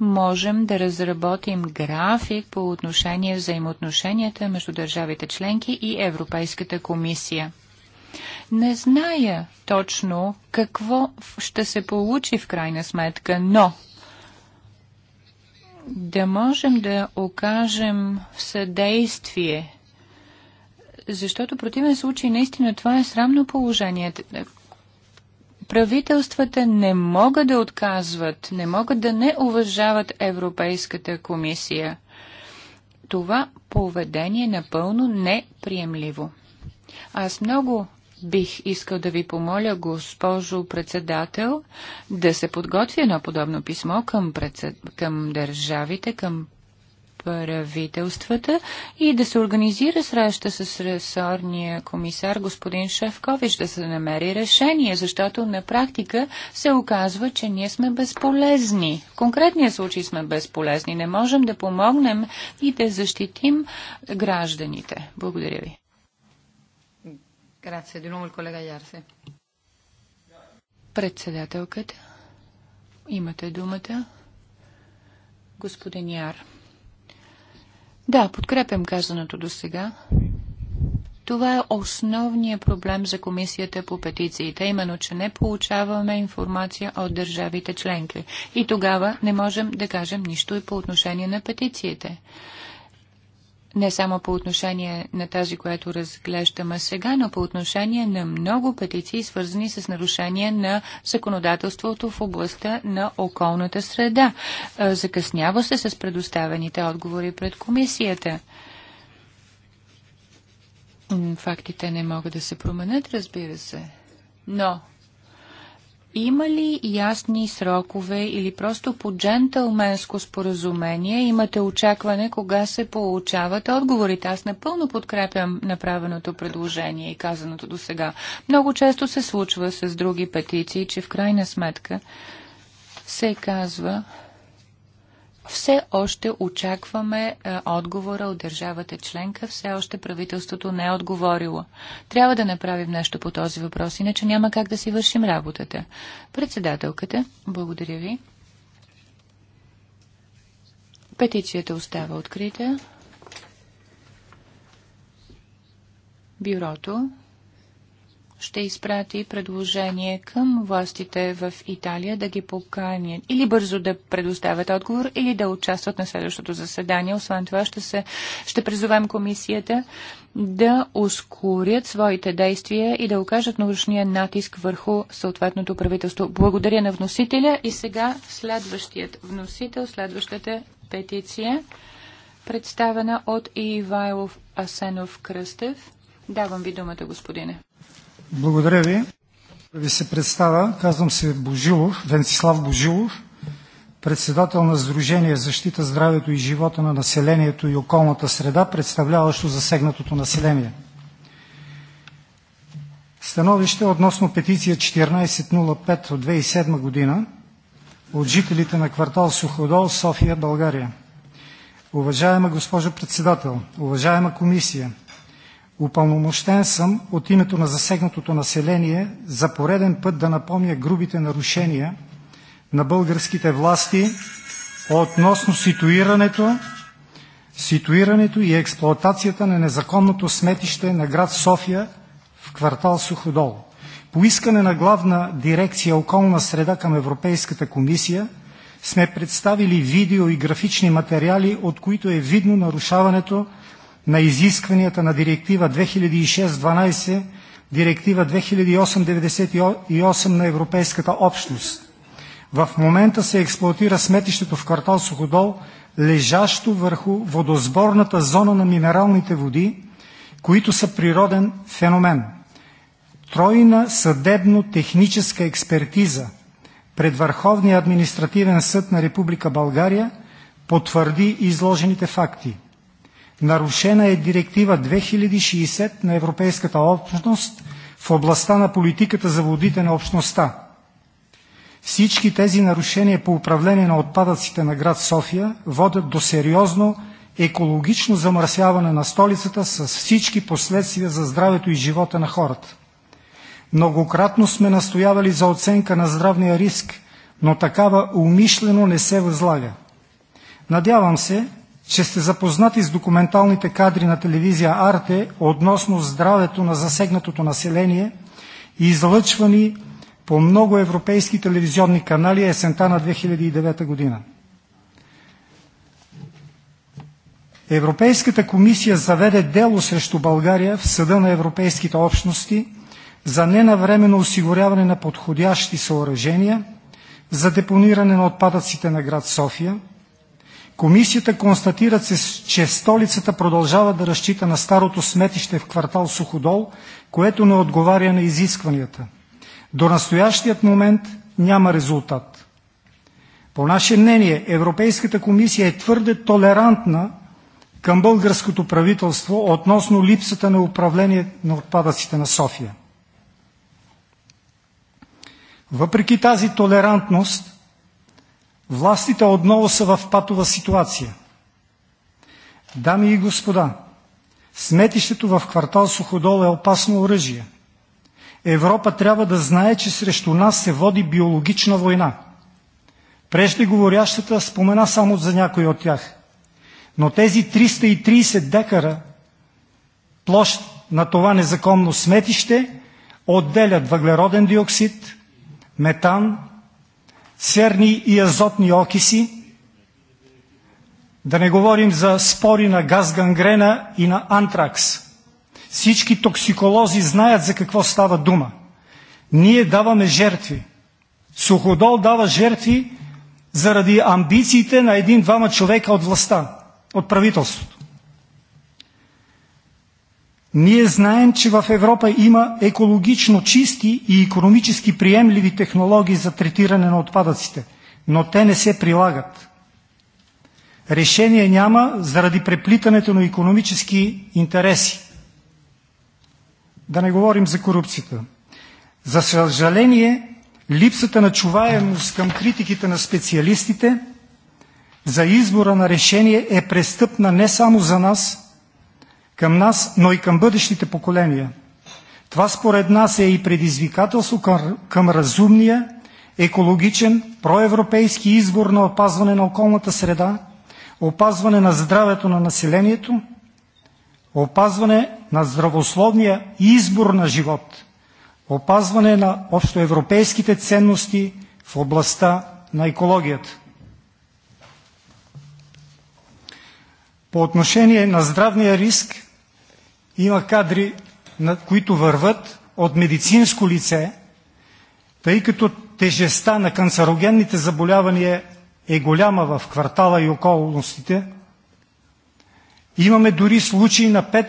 можем да разработим график по отношение взаимоотношенията между държавите членки и Европейската комисия. Не зная точно какво ще се получи в крайна сметка, но да можем да окажем съдействие, защото в противен случай наистина това е срамно положение. Правителствата не могат да отказват, не могат да не уважават Европейската комисия. Това поведение е напълно неприемливо. Аз много бих искал да ви помоля, госпожо председател, да се подготви едно подобно писмо към, председ... към държавите, към правителствата и да се организира среща с ресорния комисар господин Шевкович. да се намери решение, защото на практика се оказва, че ние сме безполезни. В конкретния случай сме безполезни. Не можем да помогнем и да защитим гражданите. Благодаря ви. Ярсе. Председателката. Имате думата. Господин Яр. Да, подкрепям казаното до сега. Това е основният проблем за комисията по петициите, именно, че не получаваме информация от държавите членки. И тогава не можем да кажем нищо и по отношение на петициите не само по отношение на тази, която разглеждаме сега, но по отношение на много петиции, свързани с нарушение на законодателството в областта на околната среда. Е, закъснява се с предоставените отговори пред комисията. Фактите не могат да се променят, разбира се. Но има ли ясни срокове или просто по джентълменско споразумение имате очакване кога се получават отговорите? Аз напълно подкрепям направеното предложение и казаното до сега. Много често се случва с други петиции, че в крайна сметка се казва, все още очакваме е, отговора от държавата членка, все още правителството не е отговорило. Трябва да направим нещо по този въпрос, иначе няма как да си вършим работата. Председателката, благодаря ви. Петицията остава открита. Бюрото ще изпрати предложение към властите в Италия да ги поканят или бързо да предоставят отговор, или да участват на следващото заседание. Освен това ще, се, ще призовем комисията да ускорят своите действия и да окажат научния натиск върху съответното правителство. Благодаря на вносителя и сега следващият вносител, следващата петиция, представена от Ивайлов Асенов Кръстев. Давам ви думата, господине. Благодаря ви. Да ви се представя. Казвам се Божилов, Венцислав Божилов, председател на Сдружение Защита здравето и живота на населението и околната среда, представляващо засегнатото население. Становище относно петиция 1405 от 2007 година от жителите на квартал Суходол, София, България. Уважаема госпожо председател, уважаема комисия, Упълномощен съм от името на засегнатото население за пореден път да напомня грубите нарушения на българските власти относно ситуирането и експлоатацията на незаконното сметище на град София в квартал „Суходол“. По искане на Главна дирекция „Околна среда“ към Европейската комисия сме представили видео и графични материали, от които е видно нарушаването на изискванията на Директива 2006-12, Директива 2008-98 на Европейската общност. В момента се експлуатира сметището в квартал Суходол, лежащо върху водосборната зона на минералните води, които са природен феномен. Тройна съдебно-техническа експертиза пред Върховния административен съд на Република България потвърди изложените факти. Нарушена е директива 2060 на Европейската общност в областта на политиката за водите на общността. Всички тези нарушения по управление на отпадъците на град София водят до сериозно екологично замърсяване на столицата с всички последствия за здравето и живота на хората. Многократно сме настоявали за оценка на здравния риск, но такава умишлено не се възлага. Надявам се, че сте запознати с документалните кадри на телевизия „Арте“ относно здравето на засегнатото население, и излъчвани по много европейски телевизионни канали есента на 2009 година. Европейската комисия заведе дело срещу България в Съда на Европейските общности за ненавременно осигуряване на подходящи съоръжения за депониране на отпадъците на град София, Комисията констатира, че столицата продължава да разчита на старото сметище в квартал „Суходол“, което не отговаря на изискванията. До настоящият момент няма резултат. По наше мнение Европейската комисия е твърде толерантна към българското правителство относно липсата на управление на отпадъците на София. Въпреки тази толерантност, Властите отново са в патова ситуация. Дами и господа, сметището в квартал Суходол е опасно оръжие. Европа трябва да знае, че срещу нас се води биологична война. Преждеговорящата спомена само за някой от тях. Но тези 330 декара площ на това незаконно сметище отделят въглероден диоксид, метан, серни и азотни окиси, да не говорим за спори на газ гангрена и на антракс. Всички токсиколози знаят за какво става дума. Ние даваме жертви. Суходол дава жертви заради амбициите на един-двама човека от властта, от правителството. Ние знаем, че в Европа има екологично чисти и економически приемливи технологии за третиране на отпадъците, но те не се прилагат. Решение няма заради преплитането на економически интереси. Да не говорим за корупцията. За съжаление, липсата на чуваемост към критиките на специалистите за избора на решение е престъпна не само за нас, към нас, но и към бъдещите поколения. Това според нас е и предизвикателство към, към разумния, екологичен, проевропейски избор на опазване на околната среда, опазване на здравето на населението, опазване на здравословния избор на живот, опазване на общоевропейските ценности в областта на екологията. По отношение на здравния риск има кадри, на които върват от медицинско лице, тъй като тежестта на канцерогенните заболявания е голяма в квартала и околностите. Имаме дори случаи на 5,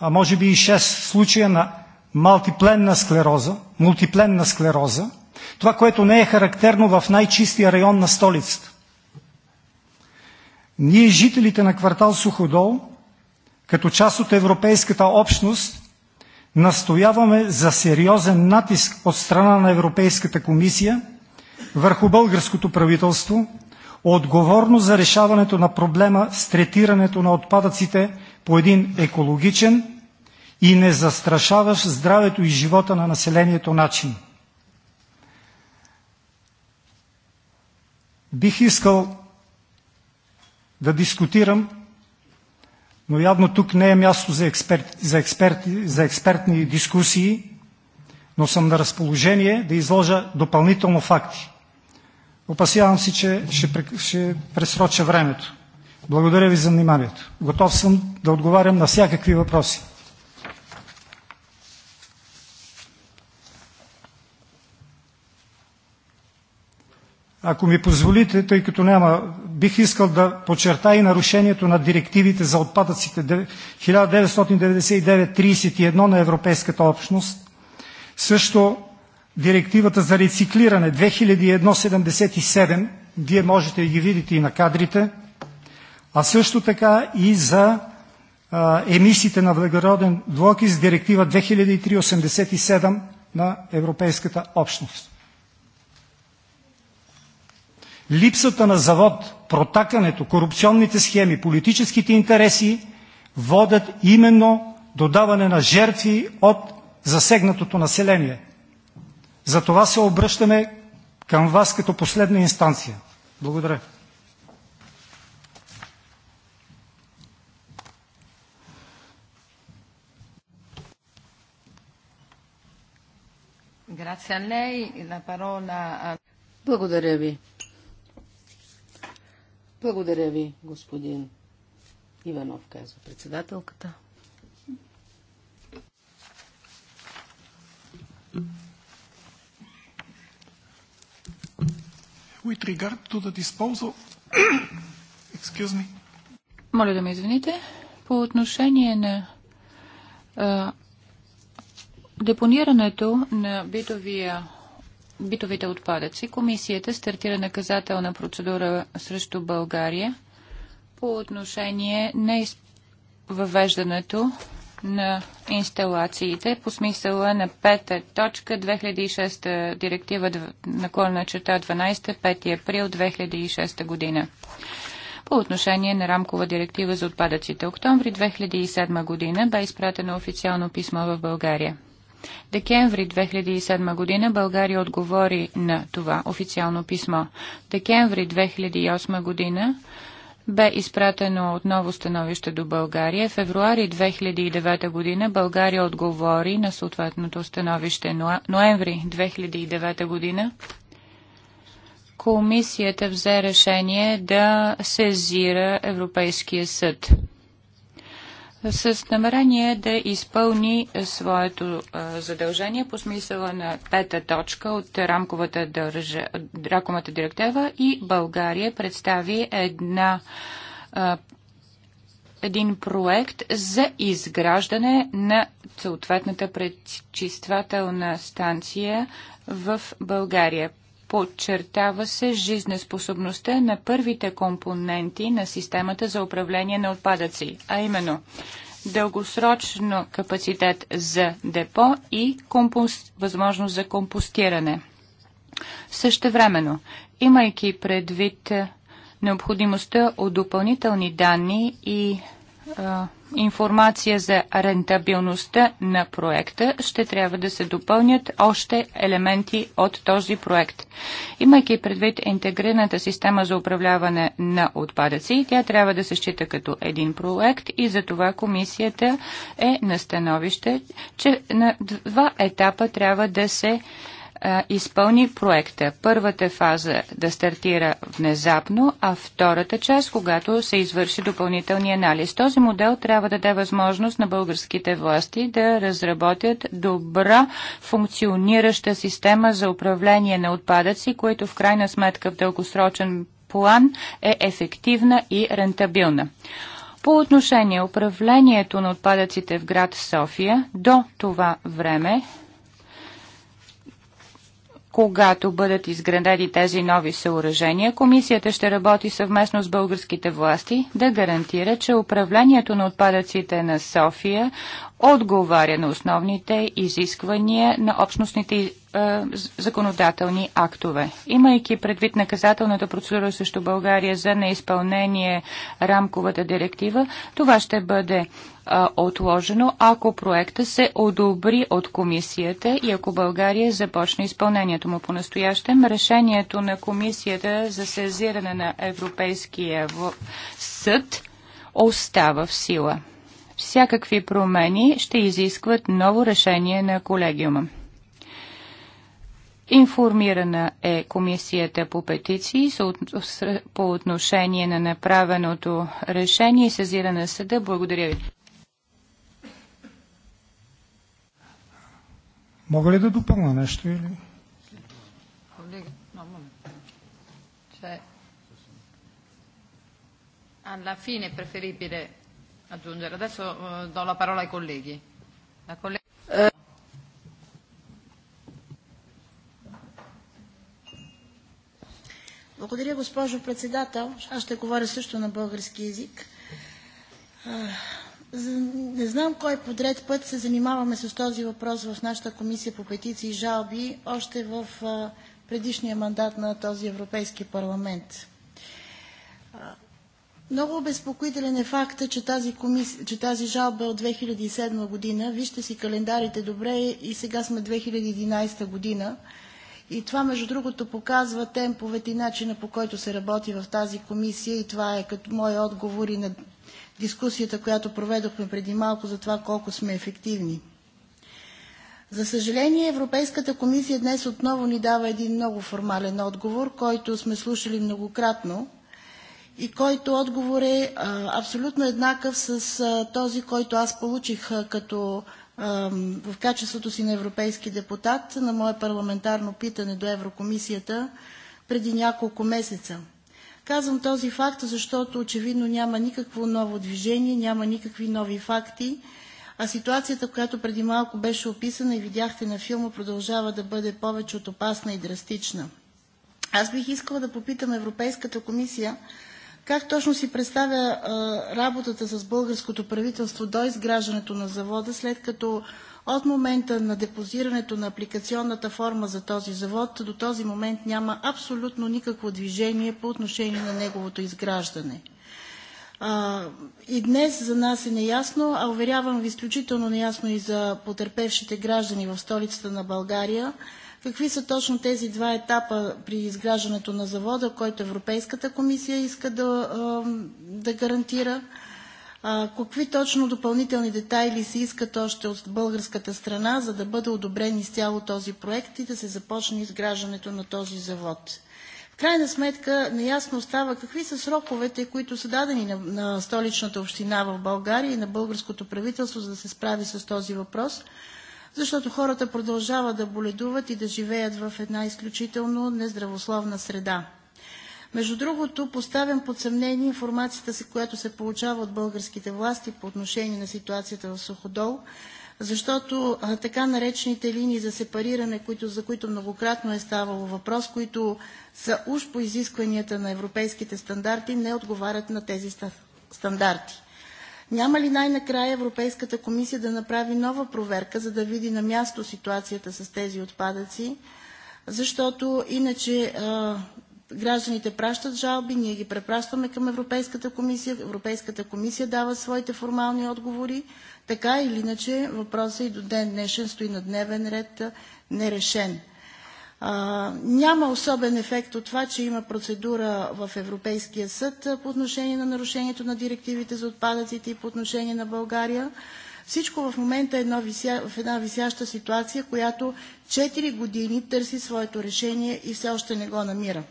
а може би и 6 случая на мултипленна склероза, мултипленна склероза, това, което не е характерно в най-чистия район на столицата. Ние, жителите на квартал Суходол, като част от Европейската общност, настояваме за сериозен натиск от страна на Европейската комисия върху българското правителство, отговорно за решаването на проблема с третирането на отпадъците по един екологичен и не застрашаващ здравето и живота на населението начин. Бих искал да дискутирам, но явно тук не е място за, експерт, за, експерт, за експертни дискусии, но съм на разположение да изложа допълнително факти. Опасявам се, че ще, ще пресроча времето. Благодаря ви за вниманието. Готов съм да отговарям на всякакви въпроси. Ако ми позволите, тъй като няма, бих искал да подчертая и нарушението на директивите за отпадъците 1999/31 на Европейската общност, също директивата за рециклиране 2001/77, Вие можете да ги видите и на кадрите, а също така и за емисиите на въглероден двуокис, Директива 2003/87 на Европейската общност. Липсата на завод, протакането, корупционните схеми, политическите интереси водят именно до даване на жертви от засегнатото население. За това се обръщаме към Вас като последна инстанция. Благодаря. Благодаря ви. Благодаря ви, господин Иванов, казва председателката. With regard to the disposal... Excuse me. Моля да ме извините. По отношение на а, депонирането на битовия битовите отпадъци, комисията стартира наказателна процедура срещу България по отношение на въвеждането на инсталациите по смисъла на пета точка 2006 директива наклонна черта 12 5 април 2006 година по отношение на рамкова директива за отпадъците. Октомври 2007 година бе изпратено официално писмо в България. Декември 2007 година България отговори на това официално писмо. Декември 2008 година бе изпратено отново становище до България. Февруари 2009 година България отговори на съответното становище. Ноември 2009 година комисията взе решение да сезира Европейския съд с намерение да изпълни своето е, задължение по смисъла на пета точка от рамковата, държа, рамковата директива и България представи една е, един проект за изграждане на съответната предчиствателна станция в България. Подчертава се жизнеспособността на първите компоненти на системата за управление на отпадъци, а именно дългосрочно капацитет за депо и компост, възможност за компостиране. Същевременно, имайки предвид необходимостта от допълнителни данни и а, информация за рентабилността на проекта, ще трябва да се допълнят още елементи от този проект. Имайки предвид интегрираната система за управляване на отпадъци, тя трябва да се счита като един проект и за това комисията е на становище, че на два етапа трябва да се изпълни проекта. Първата фаза да стартира внезапно, а втората част, когато се извърши допълнителния анализ. Този модел трябва да даде възможност на българските власти да разработят добра функционираща система за управление на отпадъци, които в крайна сметка в дългосрочен план е ефективна и рентабилна. По отношение управлението на отпадъците в град София, до това време когато бъдат изградени тези нови съоръжения, комисията ще работи съвместно с българските власти да гарантира, че управлението на отпадъците на София отговаря на основните изисквания на общностните е, законодателни актове. Имайки предвид наказателната процедура срещу България за неизпълнение рамковата директива, това ще бъде е, отложено, ако проекта се одобри от комисията и ако България започне изпълнението му. По-настоящем решението на комисията за сезиране на Европейския съд остава в сила всякакви промени ще изискват ново решение на колегиума. Информирана е комисията по петиции по отношение на направеното решение и съзирана на съда. Благодаря ви. Мога ли да допълна нещо или? Alla fine è preferibile aggiungere. Adesso eh, do la parola ai colleghi. La collega... Благодаря, госпожо председател. Аз ще говоря също на български язик. Не знам кой подред път се занимаваме с този въпрос в нашата комисия по петиции и жалби, още в предишния мандат на този Европейски парламент. Много обезпокоителен е факта, че тази, комис... че тази жалба е от 2007 година. Вижте си календарите добре и сега сме 2011 година. И това, между другото, показва темповете и начина по който се работи в тази комисия и това е като мой отговор и на дискусията, която проведохме преди малко за това колко сме ефективни. За съжаление, Европейската комисия днес отново ни дава един много формален отговор, който сме слушали многократно – и който отговор е а, абсолютно еднакъв с а, този, който аз получих а, като в качеството си на европейски депутат на мое парламентарно питане до Еврокомисията преди няколко месеца. Казвам този факт, защото очевидно няма никакво ново движение, няма никакви нови факти, а ситуацията, която преди малко беше описана и видяхте на филма, продължава да бъде повече от опасна и драстична. Аз бих искала да попитам Европейската комисия как точно си представя а, работата с българското правителство до изграждането на завода, след като от момента на депозирането на апликационната форма за този завод до този момент няма абсолютно никакво движение по отношение на неговото изграждане? А, и днес за нас е неясно, а уверявам ви изключително неясно и за потерпевшите граждани в столицата на България – Какви са точно тези два етапа при изграждането на завода, който Европейската комисия иска да, да гарантира? Какви точно допълнителни детайли се искат още от българската страна, за да бъде одобрен изцяло този проект и да се започне изграждането на този завод? В крайна сметка, неясно остава какви са сроковете, които са дадени на, на столичната община в България и на българското правителство, за да се справи с този въпрос – защото хората продължават да боледуват и да живеят в една изключително нездравословна среда. Между другото, поставям под съмнение информацията, която се получава от българските власти по отношение на ситуацията в Суходол, защото а, така наречените линии за сепариране, които, за които многократно е ставало въпрос, които са уж по изискванията на европейските стандарти, не отговарят на тези стандарти. Няма ли най-накрая Европейската комисия да направи нова проверка, за да види на място ситуацията с тези отпадъци, защото иначе а, гражданите пращат жалби, ние ги препращаме към Европейската комисия, Европейската комисия дава своите формални отговори. Така или иначе въпросът и до ден днешен стои на дневен ред нерешен. А, няма особен ефект от това, че има процедура в Европейския съд по отношение на нарушението на директивите за отпадъците и по отношение на България. Всичко в момента е едно вися, в една висяща ситуация, която 4 години търси своето решение и все още не го намира.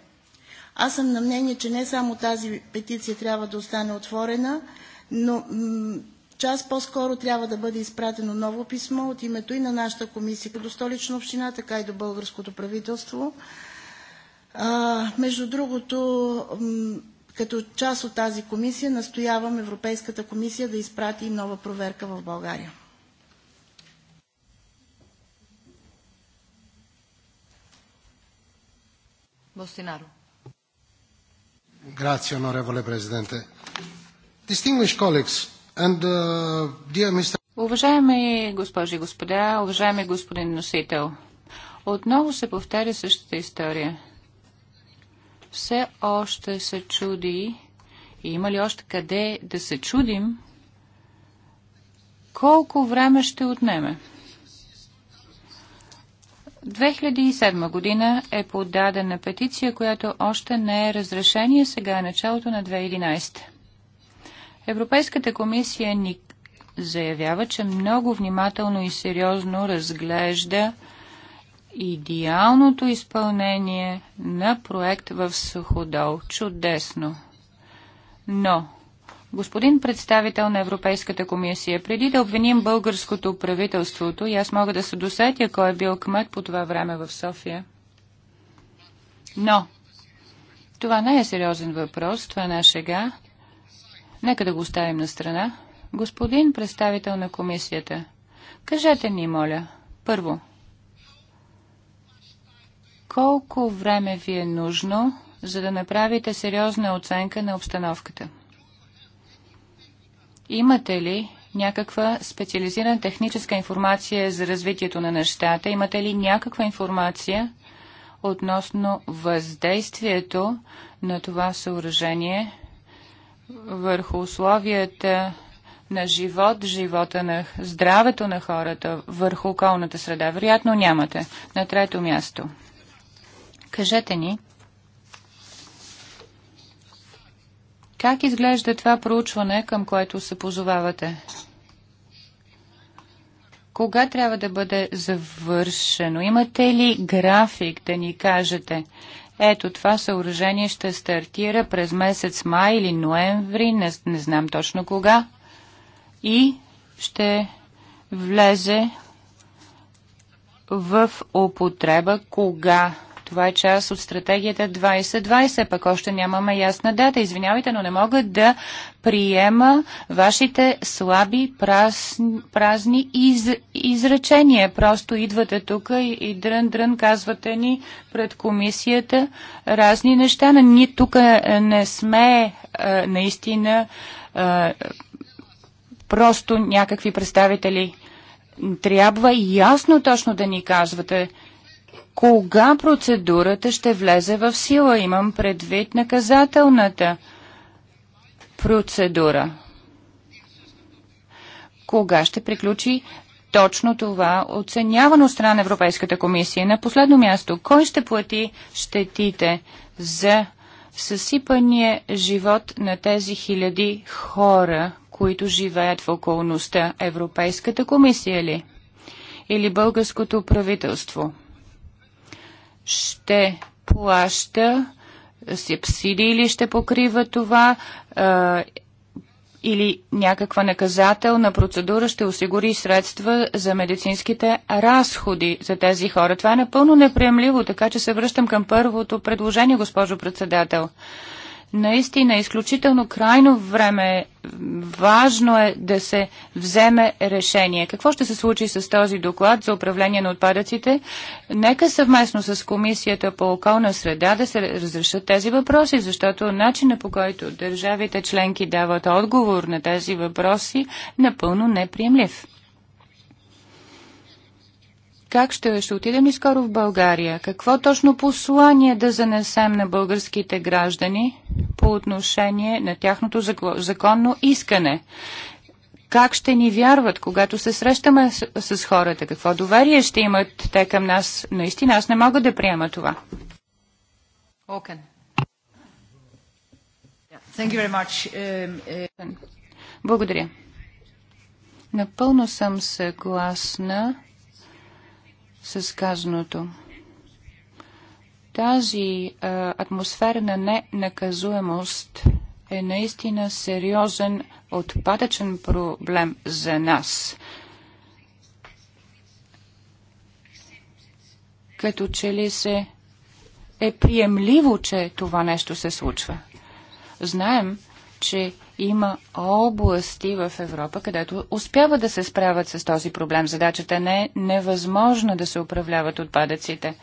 Аз съм на мнение, че не само тази петиция трябва да остане отворена, но Час по-скоро трябва да бъде изпратено ново писмо от името и на нашата комисия до Столична община, така и до българското правителство. А, между другото, като част от тази комисия настоявам Европейската комисия да изпрати и нова проверка в България. Bostinaro. Grazie, onorevole Presidente. Distinguished colleagues, And, uh, dear Mr. Уважаеми госпожи и господа, уважаеми господин носител, отново се повтаря същата история. Все още се чуди и има ли още къде да се чудим колко време ще отнеме. 2007 година е подадена петиция, която още не е разрешение, сега е началото на 2011. Европейската комисия ни заявява, че много внимателно и сериозно разглежда идеалното изпълнение на проект в Суходол. Чудесно! Но, господин представител на Европейската комисия, преди да обвиним българското правителството, и аз мога да се досетя кой е бил кмет по това време в София. Но, това не е сериозен въпрос, това е наша шега. Нека да го оставим на страна. Господин представител на комисията, кажете ни, моля, първо, колко време ви е нужно, за да направите сериозна оценка на обстановката? Имате ли някаква специализирана техническа информация за развитието на нещата? Имате ли някаква информация относно въздействието на това съоръжение върху условията на живот, живота на здравето на хората, върху околната среда. Вероятно нямате. На трето място. Кажете ни, как изглежда това проучване, към което се позовавате? Кога трябва да бъде завършено? Имате ли график да ни кажете? Ето това съоръжение ще стартира през месец май или ноември, не, не знам точно кога, и ще влезе в употреба, кога това е част от стратегията 2020, пък още нямаме ясна дата. Извинявайте, но не мога да приема вашите слаби, празни, празни из, изречения. Просто идвате тук и, и дрън-дрън казвате ни пред комисията разни неща. Но ние тук е, не сме а, е, наистина а, е, просто някакви представители. Трябва ясно точно да ни казвате кога процедурата ще влезе в сила? Имам предвид наказателната процедура. Кога ще приключи точно това оценявано от страна на Европейската комисия? На последно място, кой ще плати щетите за съсипания живот на тези хиляди хора, които живеят в околността? Европейската комисия ли? Или българското правителство? ще плаща сепсидии или ще покрива това или някаква наказателна процедура ще осигури средства за медицинските разходи за тези хора. Това е напълно неприемливо, така че се връщам към първото предложение, госпожо председател. Наистина, е изключително крайно време важно е да се вземе решение. Какво ще се случи с този доклад за управление на отпадъците? Нека съвместно с Комисията по околна среда да се разрешат тези въпроси, защото начина по който държавите членки дават отговор на тези въпроси напълно неприемлив. Как ще, ще отидем ли скоро в България? Какво точно послание да занесем на българските граждани по отношение на тяхното законно искане? Как ще ни вярват, когато се срещаме с, с хората? Какво доверие ще имат те към нас? Наистина, аз не мога да приема това. Окен. Благодаря. Напълно съм съгласна с казаното. Тази а, атмосфера на ненаказуемост е наистина сериозен отпадъчен проблем за нас. Като че ли се е приемливо, че това нещо се случва. Знаем, че има области в Европа, където успяват да се справят с този проблем. Задачата не е невъзможно да се управляват отпадъците.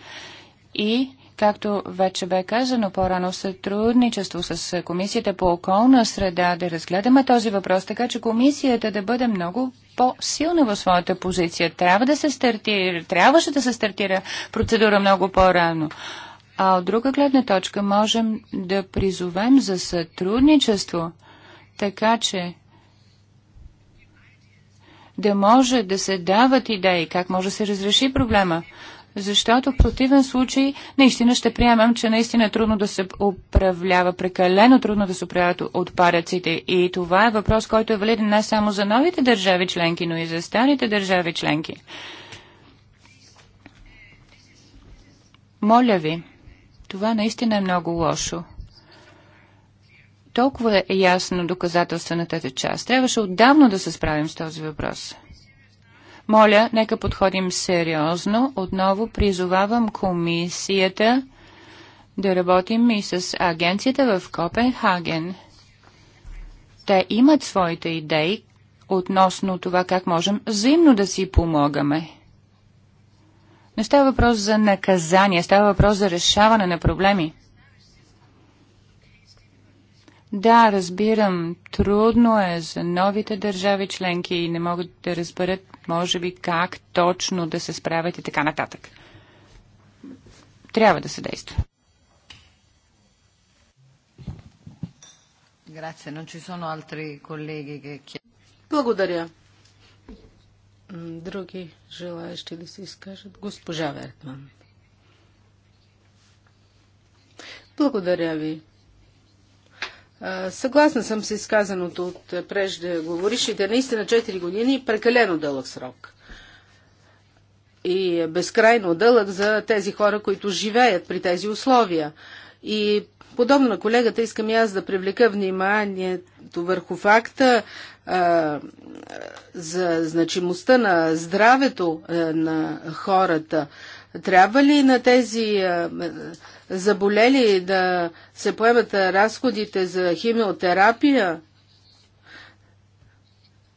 И както вече бе казано по-рано, сътрудничество с Комисията по околна среда да разгледаме този въпрос, така че Комисията да бъде много по-силна в своята позиция. Трябва да се стартира, трябваше да се стартира процедура много по-рано. А от друга гледна точка можем да призовем за сътрудничество така че да може да се дават идеи как може да се разреши проблема. Защото в противен случай наистина ще приемам, че наистина е трудно да се управлява, прекалено трудно да се управляват отпадъците. И това е въпрос, който е валиден не само за новите държави членки, но и за старите държави членки. Моля ви, това наистина е много лошо толкова ясно доказателствената тази част. Трябваше отдавно да се справим с този въпрос. Моля, нека подходим сериозно. Отново призовавам комисията да работим и с агенцията в Копенхаген. Те имат своите идеи относно това как можем взаимно да си помогаме. Не става въпрос за наказание, става въпрос за решаване на проблеми. Да, разбирам. Трудно е за новите държави членки и не могат да разберат, може би, как точно да се справят и така нататък. Трябва да се действа. Благодаря. Други желаящи да се изкажат? Госпожа Вертман. Благодаря ви. Съгласна съм с изказаното от преждеговорившите. Наистина 4 години е прекалено дълъг срок. И е безкрайно дълъг за тези хора, които живеят при тези условия. И подобно на колегата, искам и аз да привлека вниманието върху факта а, за значимостта на здравето а, на хората. Трябва ли на тези а, заболели, да се поемат разходите за химиотерапия,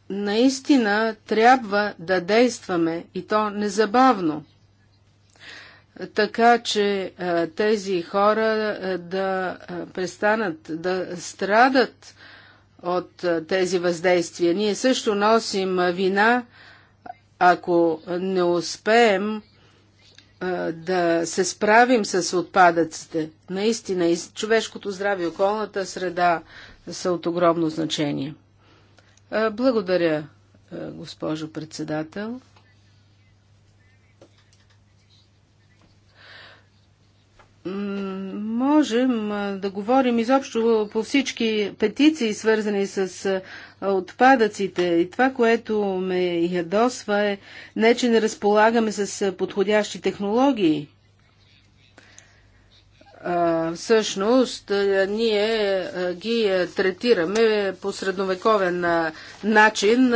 наистина трябва да действаме и то незабавно, така че тези хора да престанат да страдат от тези въздействия. Ние също носим вина, ако не успеем да се справим с отпадъците, наистина и човешкото здраве и околната среда са от огромно значение. Благодаря, госпожо председател. можем да говорим изобщо по всички петиции, свързани с отпадъците. И това, което ме ядосва е не, че не разполагаме с подходящи технологии. А, всъщност, ние ги третираме по средновековен начин,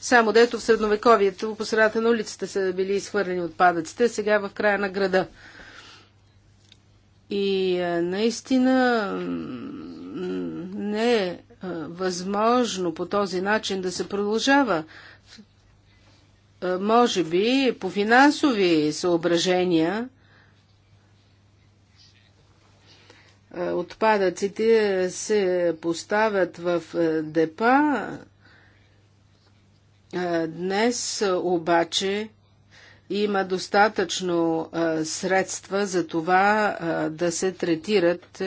само дето в средновековието по средата на улицата са били изхвърлени отпадъците, сега в края на града. И наистина не е възможно по този начин да се продължава. Може би по финансови съображения отпадъците се поставят в депа. Днес обаче има достатъчно средства за това да се третират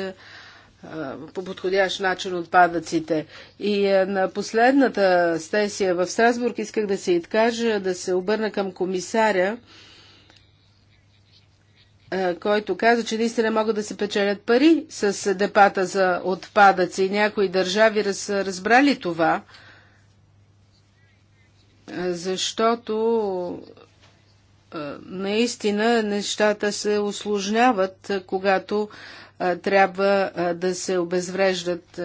по подходящ начин отпадъците. И на последната сесия в Страсбург исках да се откажа, да се обърна към комисаря, който каза, че наистина могат да се печелят пари с депата за отпадъци. И някои държави са разбрали това, защото е, наистина нещата се осложняват, е, когато е, трябва да се обезвреждат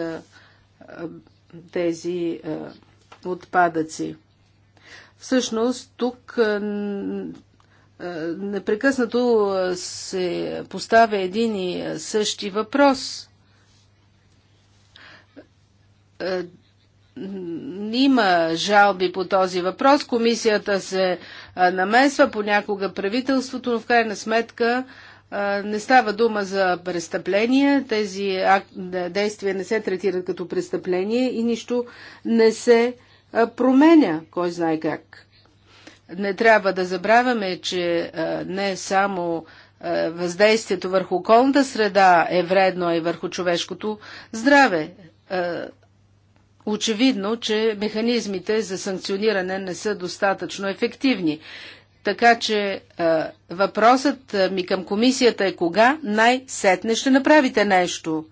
тези отпадъци. Всъщност, тук непрекъснато се поставя един и същи въпрос. Има жалби по този въпрос. Комисията се намесва, понякога правителството, но в крайна сметка не става дума за престъпления. тези действия не се третират като престъпление и нищо не се променя, кой знае как. Не трябва да забравяме, че не само въздействието върху околната среда е вредно, а и върху човешкото здраве очевидно, че механизмите за санкциониране не са достатъчно ефективни. Така че въпросът ми към комисията е кога най-сетне ще направите нещо?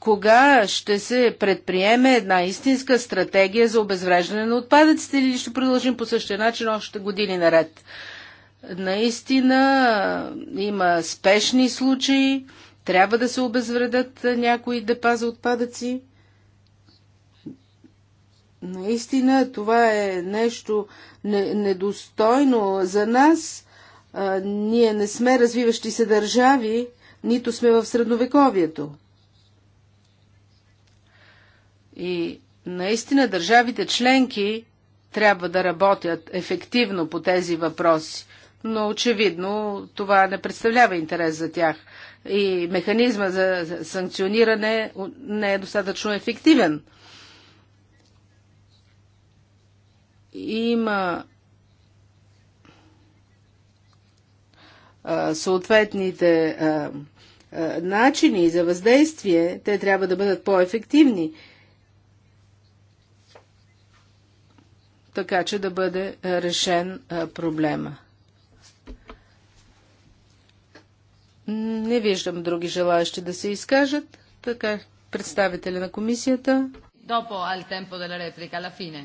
Кога ще се предприеме една истинска стратегия за обезвреждане на отпадъците или ще продължим по същия начин още години наред? Наистина има спешни случаи, трябва да се обезвредят някои депа за отпадъци. Наистина това е нещо недостойно за нас. ние не сме развиващи се държави, нито сме в средновековието. И наистина държавите членки трябва да работят ефективно по тези въпроси, но очевидно това не представлява интерес за тях. И механизма за санкциониране не е достатъчно ефективен. има съответните начини за въздействие, те трябва да бъдат по-ефективни, така че да бъде решен проблема. Не виждам други желаящи да се изкажат. Така, представители на комисията. Dopo al tempo della replica, alla fine.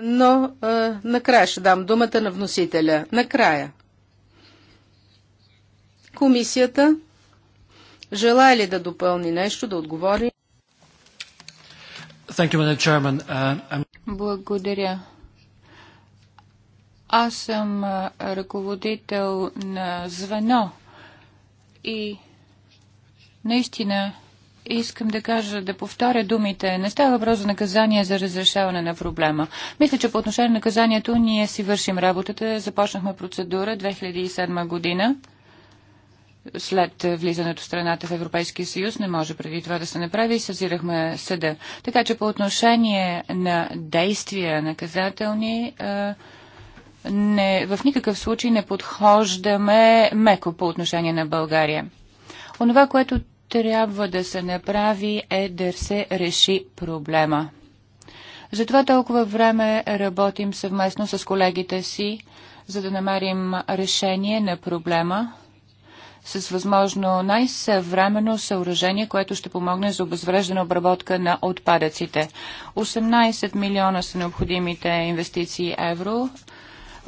Но а, накрая ще дам думата на вносителя. Накрая. Комисията желая ли да допълни нещо, да отговори? Uh, Благодаря. Аз съм ръководител на звено и наистина искам да кажа, да повторя думите. Не става въпрос за наказание за разрешаване на проблема. Мисля, че по отношение на наказанието ние си вършим работата. Започнахме процедура 2007 година. След влизането в страната в Европейския съюз не може преди това да се направи и съзирахме съда. Така че по отношение на действия наказателни не, в никакъв случай не подхождаме меко по отношение на България. Онова, което трябва да се направи е да се реши проблема. Затова толкова време работим съвместно с колегите си, за да намерим решение на проблема с възможно най-съвременно съоръжение, което ще помогне за обезвреждана обработка на отпадъците. 18 милиона са необходимите инвестиции евро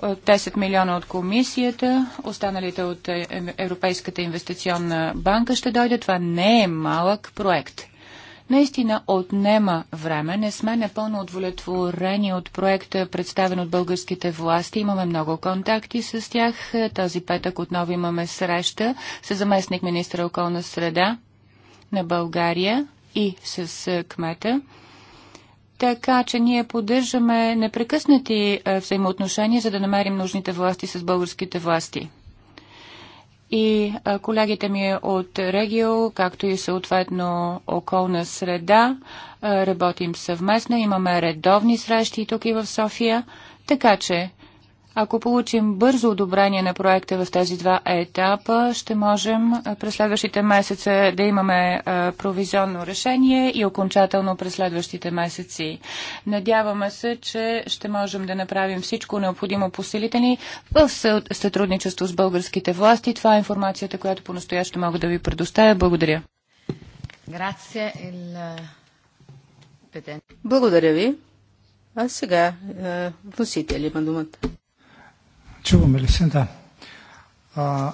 10 милиона от комисията, останалите от е, Европейската инвестиционна банка ще дойде. Това не е малък проект. Наистина отнема време. Не сме напълно удовлетворени от проекта, представен от българските власти. Имаме много контакти с тях. Този петък отново имаме среща с заместник министра околна среда на България и с е, кмета. Така че ние поддържаме непрекъснати е, взаимоотношения, за да намерим нужните власти с българските власти. И е, колегите ми от Регио, както и съответно околна среда, е, работим съвместно, имаме редовни срещи тук и в София, така че ако получим бързо одобрение на проекта в тези два етапа, ще можем през следващите месеца да имаме провизионно решение и окончателно през следващите месеци. Надяваме се, че ще можем да направим всичко необходимо по силите ни в сътрудничество с българските власти. Това е информацията, която по-настояще мога да ви предоставя. Благодаря. Благодаря ви. А сега е, има думата. Чуваме ли се? Да. А,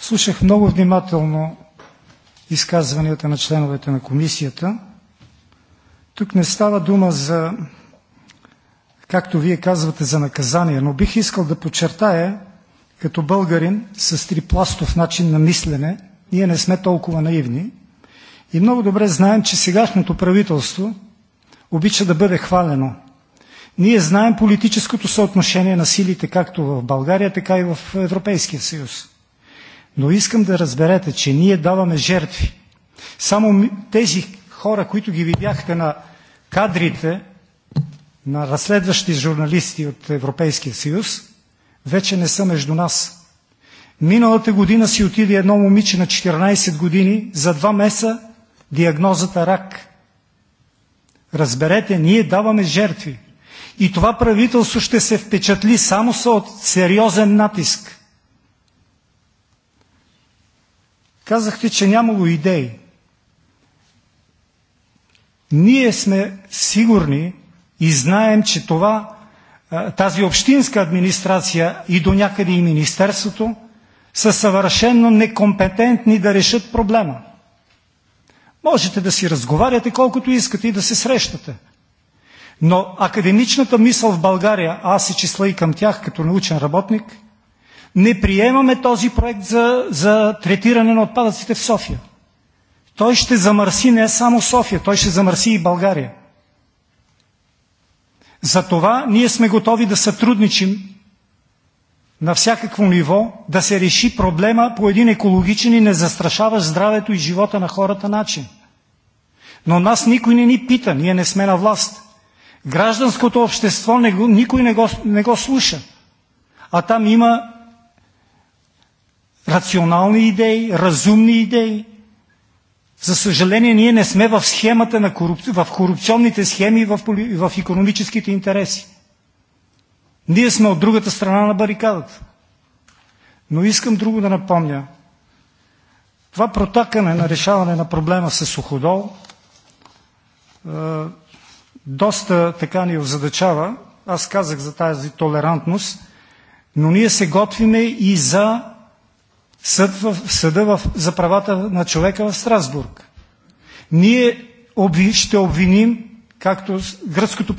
слушах много внимателно изказванията на членовете на комисията. Тук не става дума за, както вие казвате, за наказание, но бих искал да подчертая, като българин с трипластов начин на мислене, ние не сме толкова наивни и много добре знаем, че сегашното правителство обича да бъде хвалено – ние знаем политическото съотношение на силите както в България, така и в Европейския съюз. Но искам да разберете, че ние даваме жертви. Само тези хора, които ги видяхте на кадрите на разследващи журналисти от Европейския съюз, вече не са между нас. Миналата година си отиде едно момиче на 14 години, за два месеца диагнозата рак. Разберете, ние даваме жертви. И това правителство ще се впечатли само са от сериозен натиск. Казахте, че нямало идеи. Ние сме сигурни и знаем, че това, тази общинска администрация и до някъде и Министерството са съвършенно некомпетентни да решат проблема. Можете да си разговаряте колкото искате и да се срещате – но академичната мисъл в България, аз се числа и към тях като научен работник, не приемаме този проект за, за третиране на отпадъците в София. Той ще замърси не само София, той ще замърси и България. Затова ние сме готови да сътрудничим на всякакво ниво, да се реши проблема по един екологичен и не застрашаващ здравето и живота на хората начин. Но нас никой не ни пита, ние не сме на власт. Гражданското общество не го, никой не го, не го слуша. А там има рационални идеи, разумни идеи. За съжаление, ние не сме в схемата на коруп... в корупционните схеми и в, в економическите интереси. Ние сме от другата страна на барикадата. Но искам друго да напомня. Това протакане на решаване на проблема с суходол доста така ни озадачава. Аз казах за тази толерантност, но ние се готвим и за съд в, съда в, за правата на човека в Страсбург. Ние обви, ще обвиним, както гръцкото,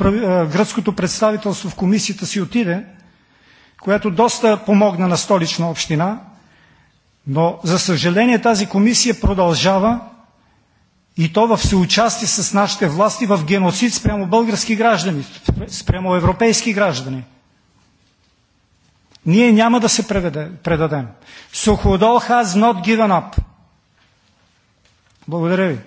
гръцкото представителство в комисията си отиде, която доста помогна на столична община, но за съжаление тази комисия продължава и то в съучастие с нашите власти в геноцид спрямо български граждани, спрямо европейски граждани. Ние няма да се предадем. Суходол has not given up. Благодаря ви.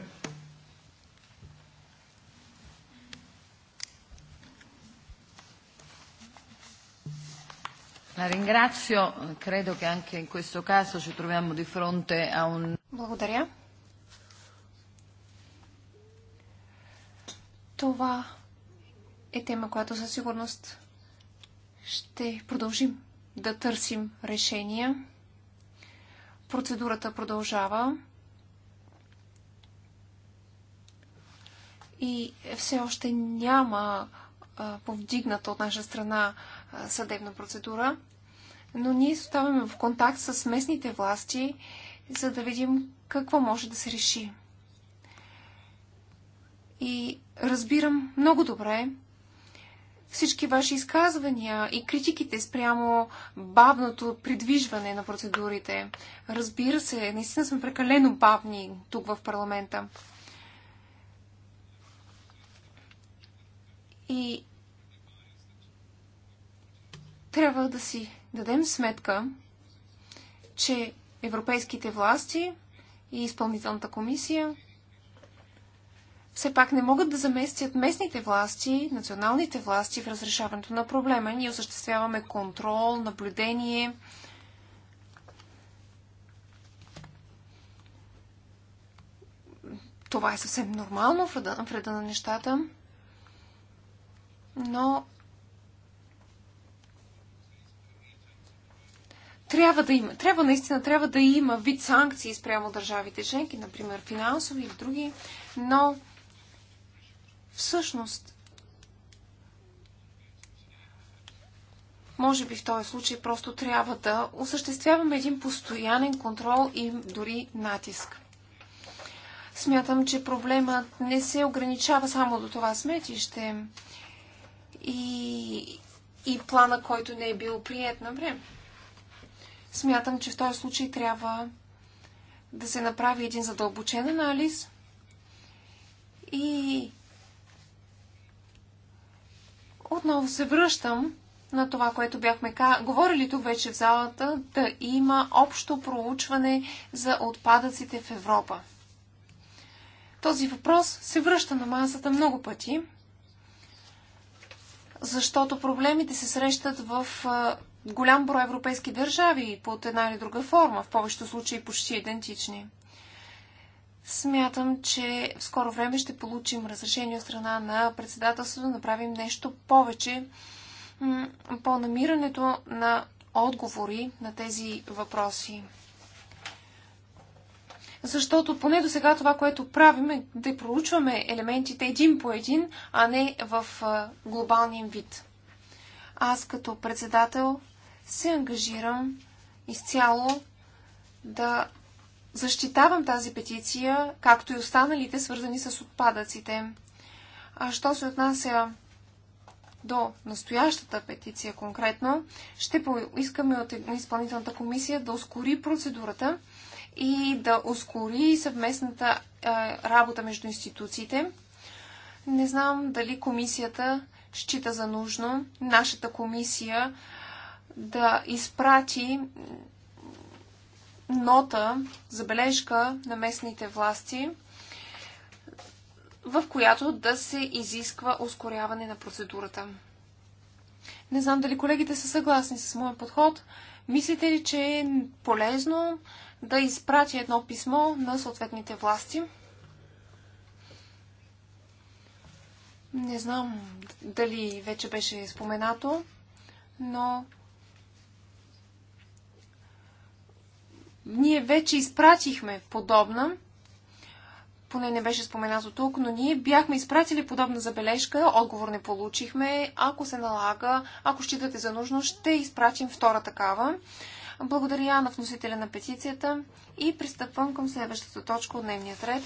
La ringrazio, credo che anche in questo caso ci troviamo di fronte a un... Благодаря. Това е тема, която със сигурност ще продължим да търсим решения. Процедурата продължава. И все още няма повдигната от наша страна съдебна процедура, но ние оставаме в контакт с местните власти, за да видим какво може да се реши. И разбирам много добре всички ваши изказвания и критиките спрямо бавното придвижване на процедурите. Разбира се, наистина сме прекалено бавни тук в парламента. И трябва да си дадем сметка, че европейските власти и изпълнителната комисия – все пак не могат да заместят местните власти, националните власти в разрешаването на проблема. Ние осъществяваме контрол, наблюдение. Това е съвсем нормално в реда, в реда на нещата, но трябва да има, трябва наистина, трябва да има вид санкции спрямо държавите членки, например финансови или други, но Всъщност, може би в този случай просто трябва да осъществяваме един постоянен контрол и дори натиск. Смятам, че проблемът не се ограничава само до това сметище и, и плана, който не е бил прият на време. Смятам, че в този случай трябва да се направи един задълбочен анализ и отново се връщам на това, което бяхме говорили тук вече в залата, да има общо проучване за отпадъците в Европа. Този въпрос се връща на масата много пъти, защото проблемите се срещат в голям брой европейски държави под една или друга форма, в повечето случаи почти идентични. Смятам, че в скоро време ще получим разрешение от страна на председателството да направим нещо повече по намирането на отговори на тези въпроси. Защото поне до сега това, което правим е да проучваме елементите един по един, а не в глобалния вид. Аз като председател се ангажирам изцяло да защитавам тази петиция, както и останалите, свързани с отпадъците. А що се отнася до настоящата петиция конкретно, ще поискаме от изпълнителната комисия да ускори процедурата и да ускори съвместната работа между институциите. Не знам дали комисията счита за нужно нашата комисия да изпрати нота, забележка на местните власти, в която да се изисква ускоряване на процедурата. Не знам дали колегите са съгласни с моят подход. Мислите ли, че е полезно да изпрати едно писмо на съответните власти? Не знам дали вече беше споменато, но Ние вече изпратихме подобна, поне не беше споменато тук, но ние бяхме изпратили подобна забележка, отговор не получихме. Ако се налага, ако считате за нужно, ще изпратим втора такава. Благодаря на вносителя на петицията и пристъпвам към следващата точка от дневния ред.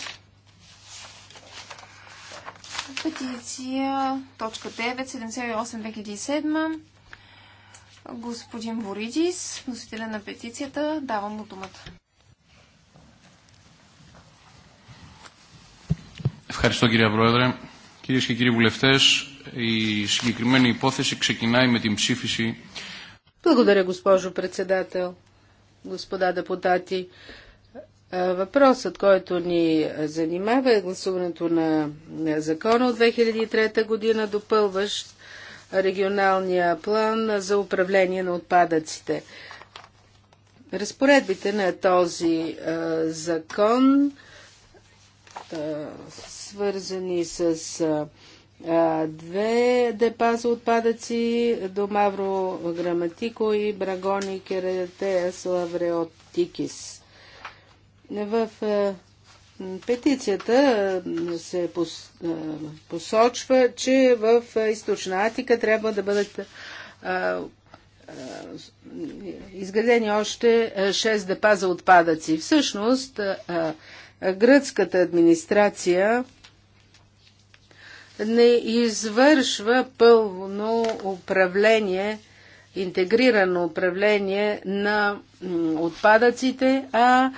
Петиция точка 9, 78-2007 господин Боридис, носителя на петицията. Давам му думата. Ευχαριστώ κύριε Πρόεδρε. Κυρίε και κύριοι βουλευτέ, η συγκεκριμένη υπόθεση ξεκινάει με την ψήφιση. Благодаря, госпожо председател, господа депутати. Въпросът, който ни занимава е гласуването на закона от 2003 година, допълващ регионалния план за управление на отпадъците. Разпоредбите на този а, е, закон, а, е, свързани с а, е, две депа за отпадъци, Домавро Граматико и Брагони Кератеас Лавреотикис. В а, петицията се посочва, че в източна Атика трябва да бъдат изградени още 6 депа за отпадъци. Всъщност, гръцката администрация не извършва пълно управление, интегрирано управление на отпадъците, а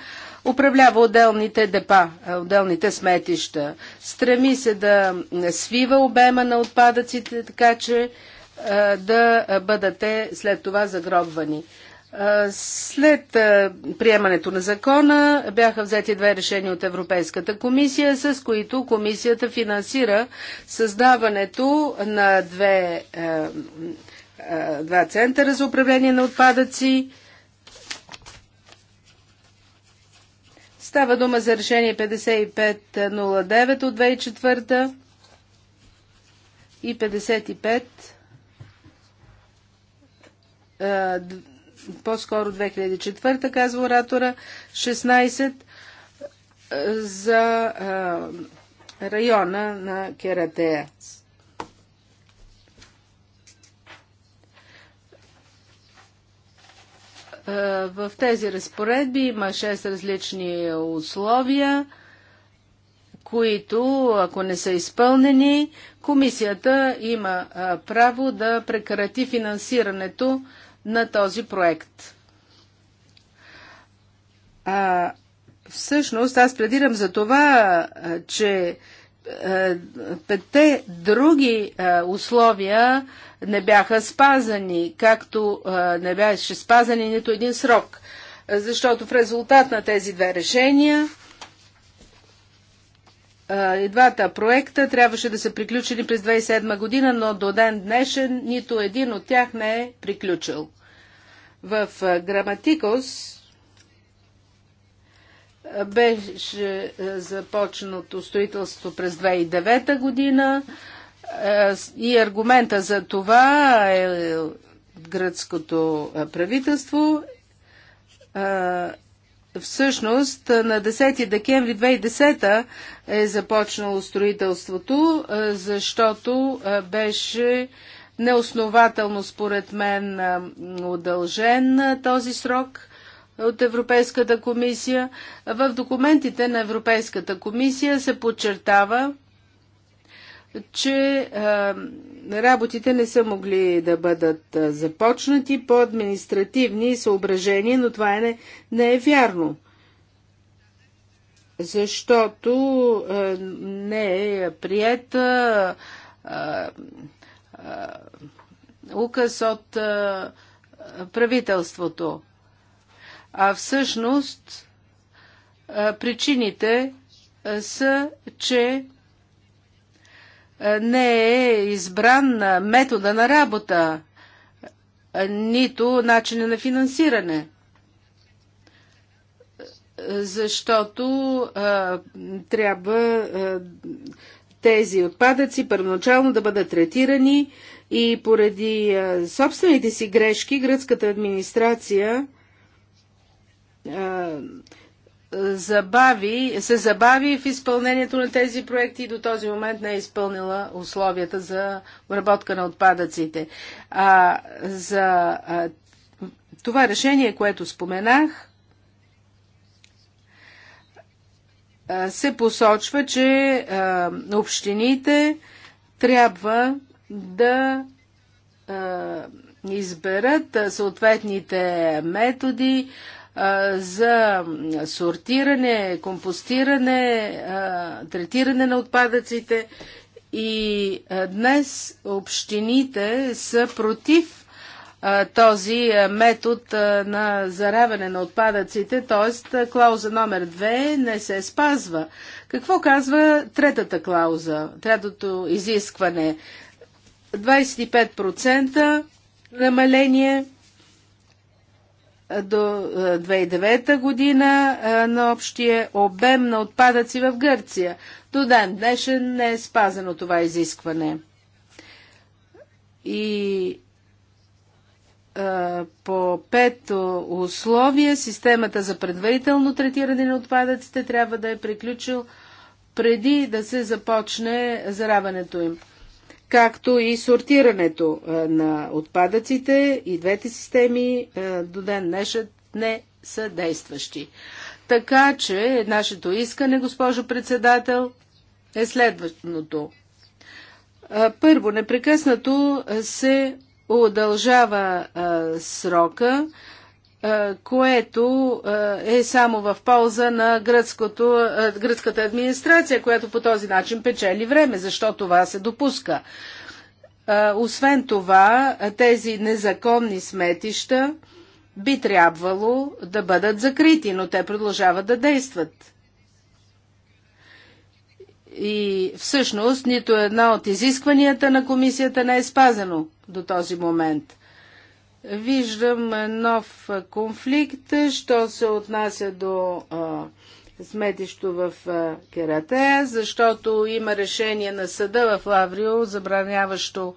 управлява отделните депа, отделните сметища. Стреми се да свива обема на отпадъците, така че да бъдете след това загробвани. След приемането на закона бяха взети две решения от Европейската комисия, с които комисията финансира създаването на две, два центъра за управление на отпадъци Става дума за решение 5509 от 2004 и 55 по-скоро 2004, казва оратора, 16 за района на Кератеец. Е, в тези разпоредби има 6 различни условия, които, ако не са изпълнени, комисията има е, право да прекрати финансирането на този проект. А, всъщност, аз предирам за това, е, че петте други условия не бяха спазани, както не беше спазани нито един срок. Защото в резултат на тези две решения и двата проекта трябваше да са приключени през 2007 година, но до ден днешен нито един от тях не е приключил. В Граматикос беше започнато строителство през 2009 година. Е, и аргумента за това е гръцкото е, правителство. Е, всъщност на 10 декември 2010 е започнало строителството, защото беше неоснователно според мен удължен този срок от Европейската комисия. В документите на Европейската комисия се подчертава, че работите не са могли да бъдат започнати по административни съображения, но това е не, не е вярно. Защото не е прият указ от правителството. А всъщност причините са, че е, не е избран метода на работа, е, нито начина на финансиране. Е, защото а, трябва а, тези отпадъци първоначално да бъдат третирани и поради а, собствените си грешки гръцката администрация а, забави, се забави в изпълнението на тези проекти и до този момент не е изпълнила условията за обработка на отпадъците. А за а, това решение, което споменах, се посочва, че а, общините трябва да изберат съответните методи, за сортиране, компостиране, третиране на отпадъците. И днес общините са против този метод на заравяне на отпадъците, т.е. клауза номер 2 не се спазва. Какво казва третата клауза, третото изискване? 25% намаление до 2009 е, година е, на общия обем на отпадъци в Гърция. До ден днешен не е спазено това изискване. И е, по пето условие системата за предварително третиране на отпадъците трябва да е приключил преди да се започне зараването им както и сортирането на отпадъците. И двете системи до ден днешът не са действащи. Така че нашето искане, госпожо председател, е следващото. Първо, непрекъснато се удължава срока е, което е, е само в полза на гръцкото, е, гръцката администрация, която по този начин печели време, защото това се допуска. Освен това, тези незаконни сметища би трябвало да бъдат закрити, но те продължават да действат. И всъщност нито една от изискванията на комисията не е спазено до този момент – Виждам нов конфликт, що се отнася до сметището в Кератея, защото има решение на съда в Лаврио, забраняващо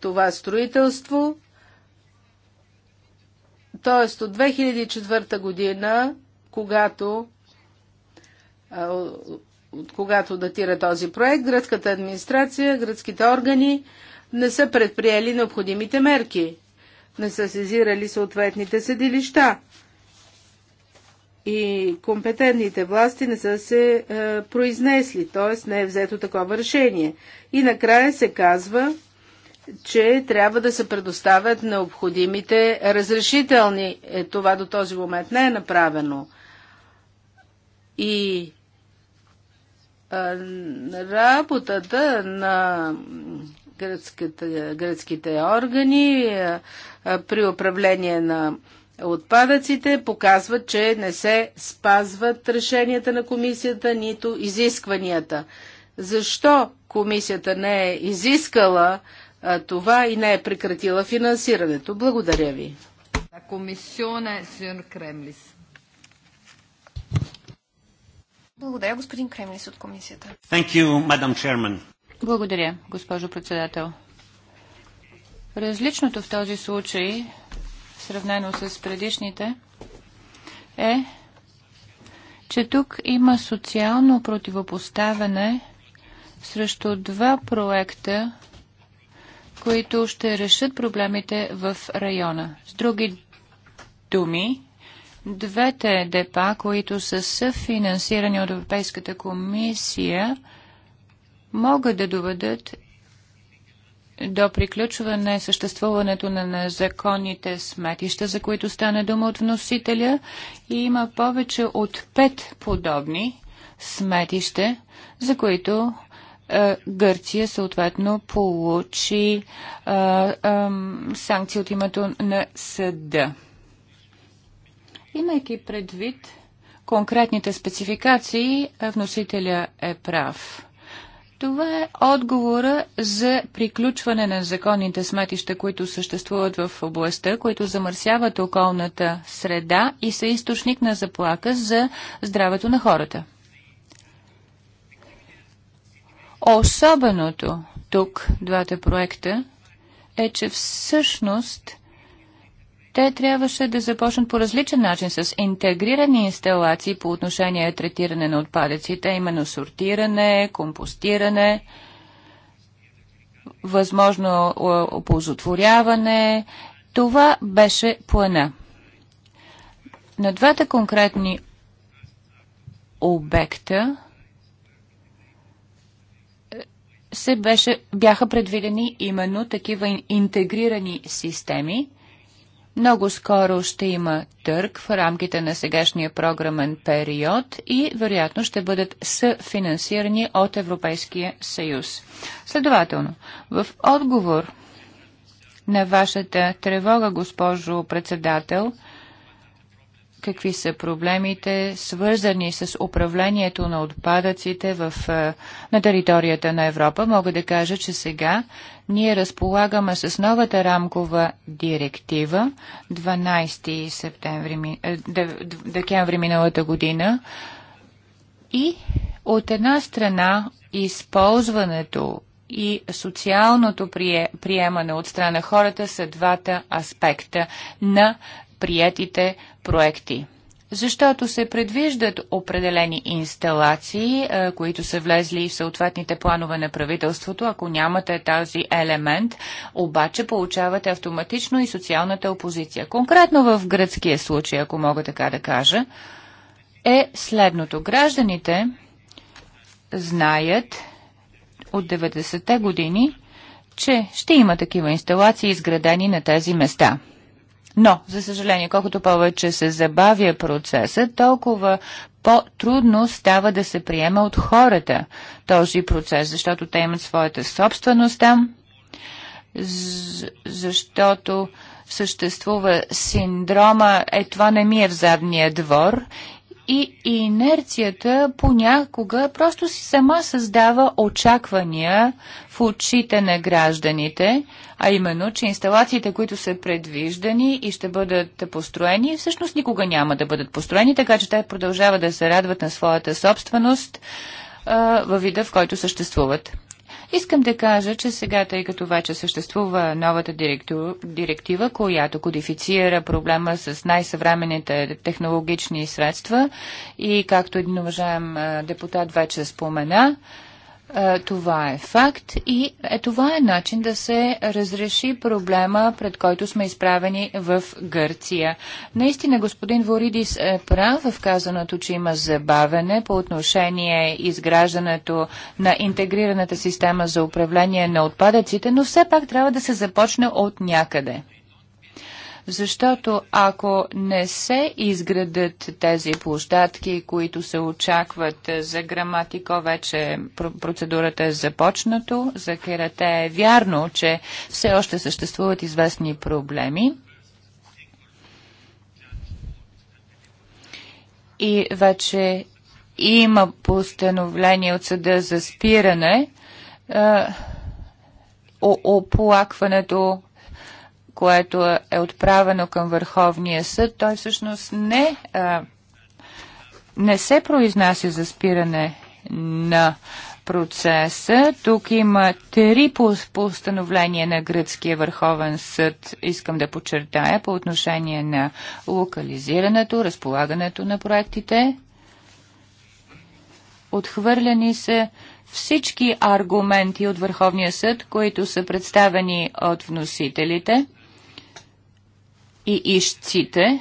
това строителство. Тоест от 2004 година, когато, от когато датира този проект, гръцката администрация, гръцките органи не са предприели необходимите мерки не са сезирали съответните съдилища и компетентните власти не са се е, произнесли, т.е. не е взето такова решение. И накрая се казва, че трябва да се предоставят необходимите разрешителни. Е, това до този момент не е направено. И е, работата на гръцките органи при управление на отпадъците показват, че не се спазват решенията на комисията, нито изискванията. Защо комисията не е изискала това и не е прекратила финансирането? Благодаря ви. Благодаря, господин Кремлис от комисията. Thank you, Madam Chairman. Благодаря, госпожо председател. Различното в този случай, сравнено с предишните, е, че тук има социално противопоставяне срещу два проекта, които ще решат проблемите в района. С други думи, двете депа, които са съфинансирани от Европейската комисия, могат да доведат до приключване съществуването на незаконните сметища, за които стане дума от вносителя. И има повече от пет подобни сметища, за които е, Гърция съответно получи е, е, санкции от името на съда. Имайки предвид конкретните спецификации, вносителя е прав. Това е отговора за приключване на законните сметища, които съществуват в областта, които замърсяват околната среда и са източник на заплака за здравето на хората. Особеното тук, двата проекта, е, че всъщност те трябваше да започнат по различен начин с интегрирани инсталации по отношение третиране на отпадъците, именно сортиране, компостиране, възможно оползотворяване. Това беше плана. На двата конкретни обекта е, се беше, бяха предвидени именно такива интегрирани системи – много скоро ще има търг в рамките на сегашния програмен период и вероятно ще бъдат съфинансирани от Европейския съюз. Следователно, в отговор на вашата тревога, госпожо председател, какви са проблемите, свързани с управлението на отпадъците в, е, на територията на Европа. Мога да кажа, че сега ние разполагаме с новата рамкова директива 12 септември, е, декември миналата година и от една страна използването и социалното приемане от страна хората са двата аспекта на приетите проекти защото се предвиждат определени инсталации, е, които са влезли в съответните планове на правителството. Ако нямате този елемент, обаче получавате автоматично и социалната опозиция. Конкретно в гръцкия случай, ако мога така да кажа, е следното. Гражданите знаят от 90-те години, че ще има такива инсталации изградени на тези места – но, за съжаление, колкото повече се забавя процеса, толкова по-трудно става да се приема от хората този процес, защото те имат своята собственост там, защото съществува синдрома е това не ми е в задния двор и инерцията понякога просто си сама създава очаквания в очите на гражданите, а именно, че инсталациите, които са предвиждани и ще бъдат построени, всъщност никога няма да бъдат построени, така че те продължават да се радват на своята собственост във вида, в който съществуват. Искам да кажа, че сега, тъй като вече съществува новата директива, която кодифицира проблема с най-съвременните технологични средства и както един уважаем депутат вече спомена, е, това е факт и е, това е начин да се разреши проблема, пред който сме изправени в Гърция. Наистина господин Воридис е прав в казаното, че има забавене по отношение изграждането на интегрираната система за управление на отпадъците, но все пак трябва да се започне от някъде защото ако не се изградат тези площадки, които се очакват за граматико, вече процедурата е започнато, за керате е вярно, че все още съществуват известни проблеми. И вече има постановление от съда за спиране, оплакването което е, е отправено към Върховния съд, той всъщност не, а, не се произнася за спиране на процеса. Тук има три постановления на Гръцкия върховен съд, искам да подчертая, по отношение на локализирането, разполагането на проектите. Отхвърляни са всички аргументи от Върховния съд, които са представени от вносителите – и ищците.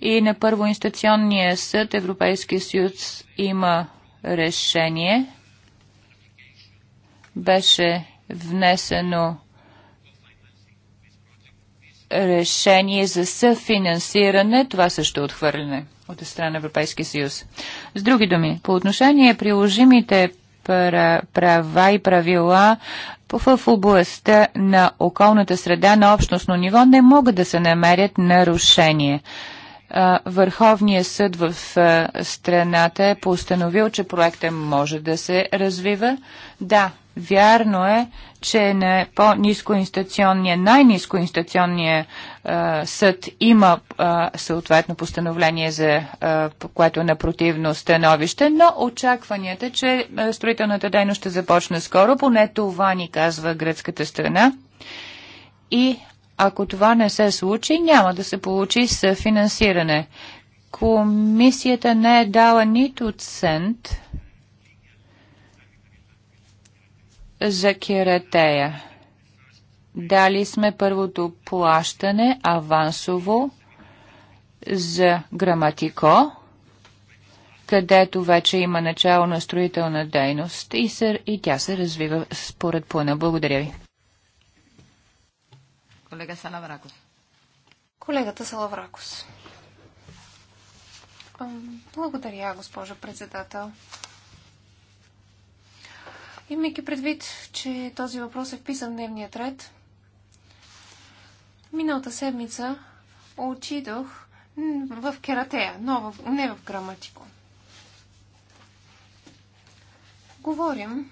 И на първоинстационния съд Европейския съюз има решение. Беше внесено решение за съфинансиране. Това също е отхвърляне от страна на Европейския съюз. С други думи, по отношение приложимите права и правила в областта на околната среда на общностно ниво не могат да се намерят нарушение. Върховният съд в страната е постановил, че проектът може да се развива. Да, Вярно е, че на по-низкоинстационния, най-низкоинстационния е, съд има а, е, съответно постановление за а, е, което е на противно становище, но очакванията, че строителната дейност ще започне скоро, поне това ни казва гръцката страна. И ако това не се случи, няма да се получи съфинансиране. Комисията не е дала нито цент за кератея. Дали сме първото плащане авансово за граматико, където вече има начало на строителна дейност и, се, и тя се развива според плана. Благодаря ви. Колега Салавракос. Колегата Салавракос. Благодаря, госпожо председател. Имайки предвид, че този въпрос е вписан в дневния ред, миналата седмица отидох в кератея, но в, не в граматико. Говорим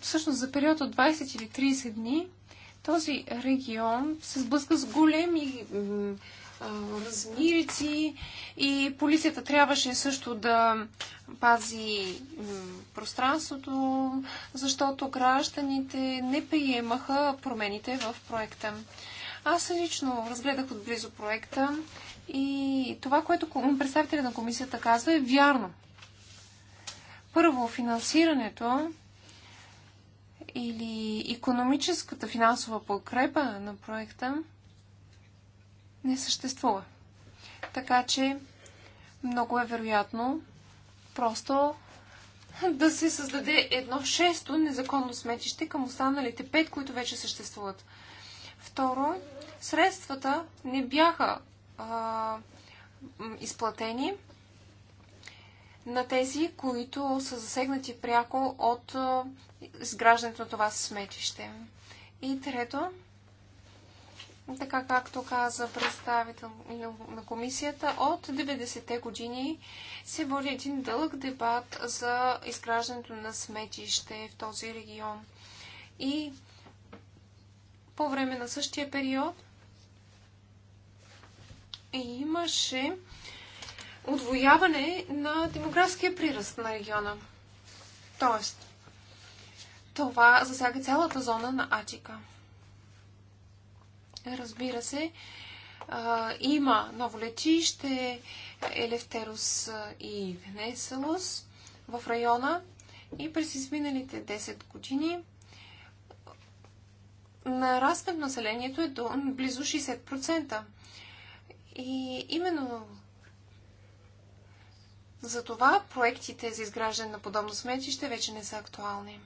всъщност за период от 20 или 30 дни – този регион се сблъска с големи размирици и полицията трябваше също да пази пространството, защото гражданите не приемаха промените в проекта. Аз лично разгледах отблизо проекта и това, което представителя на комисията казва е вярно. Първо, финансирането или економическата финансова подкрепа на проекта не съществува. Така че много е вероятно просто да се създаде едно шесто незаконно сметище към останалите пет, които вече съществуват. Второ, средствата не бяха а, изплатени на тези, които са засегнати пряко от изграждането на това сметище. И трето, така както каза представител на комисията, от 90-те години се води един дълъг дебат за изграждането на сметище в този регион. И по време на същия период имаше отвояване на демографския приръст на региона. Тоест, това засяга цялата зона на Атика. Разбира се, има ново летище Елефтерус и Венеселус в района и през изминалите 10 години нарастът в населението е до близо 60%. И именно затова проектите за изграждане на подобно сметище вече не са актуални.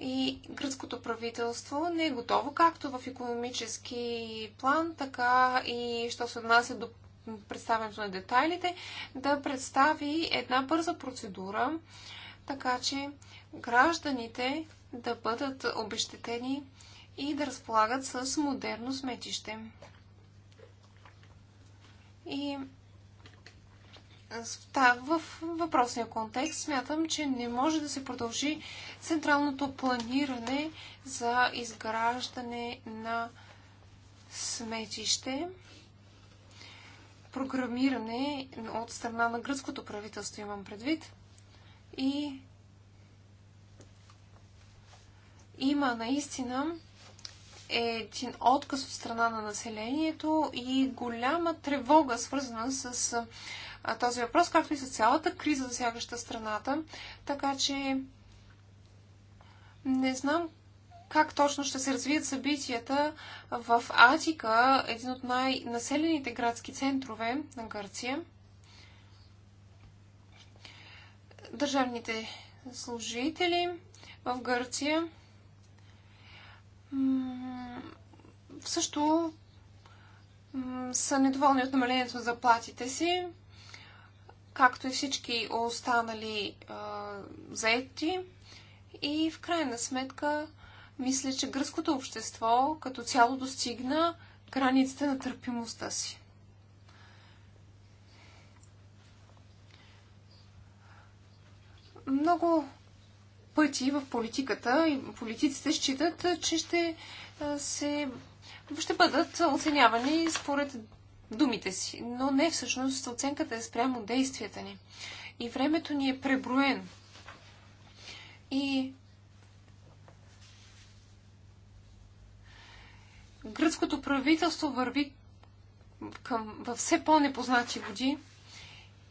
И гръцкото правителство не е готово както в економически план, така и що се отнася до представянето на детайлите, да представи една бърза процедура, така че гражданите да бъдат обещетени и да разполагат с модерно сметище. И в въпросния контекст смятам, че не може да се продължи централното планиране за изграждане на сметище, програмиране от страна на гръцкото правителство имам предвид и има наистина един отказ от страна на населението и голяма тревога, свързана с този въпрос, както и за цялата криза, засягаща страната. Така че не знам как точно ще се развият събитията в Атика, един от най-населените градски центрове на Гърция. Държавните служители в Гърция също са недоволни от намалението на заплатите си както и всички останали а, заети. И в крайна сметка, мисля, че гръцкото общество като цяло достигна границите на търпимостта си. Много пъти в политиката и политиците считат, че ще се ще бъдат оценявани според думите си, но не всъщност оценката е спрямо действията ни. И времето ни е преброено. И гръцкото правителство върви към, във все по-непознати води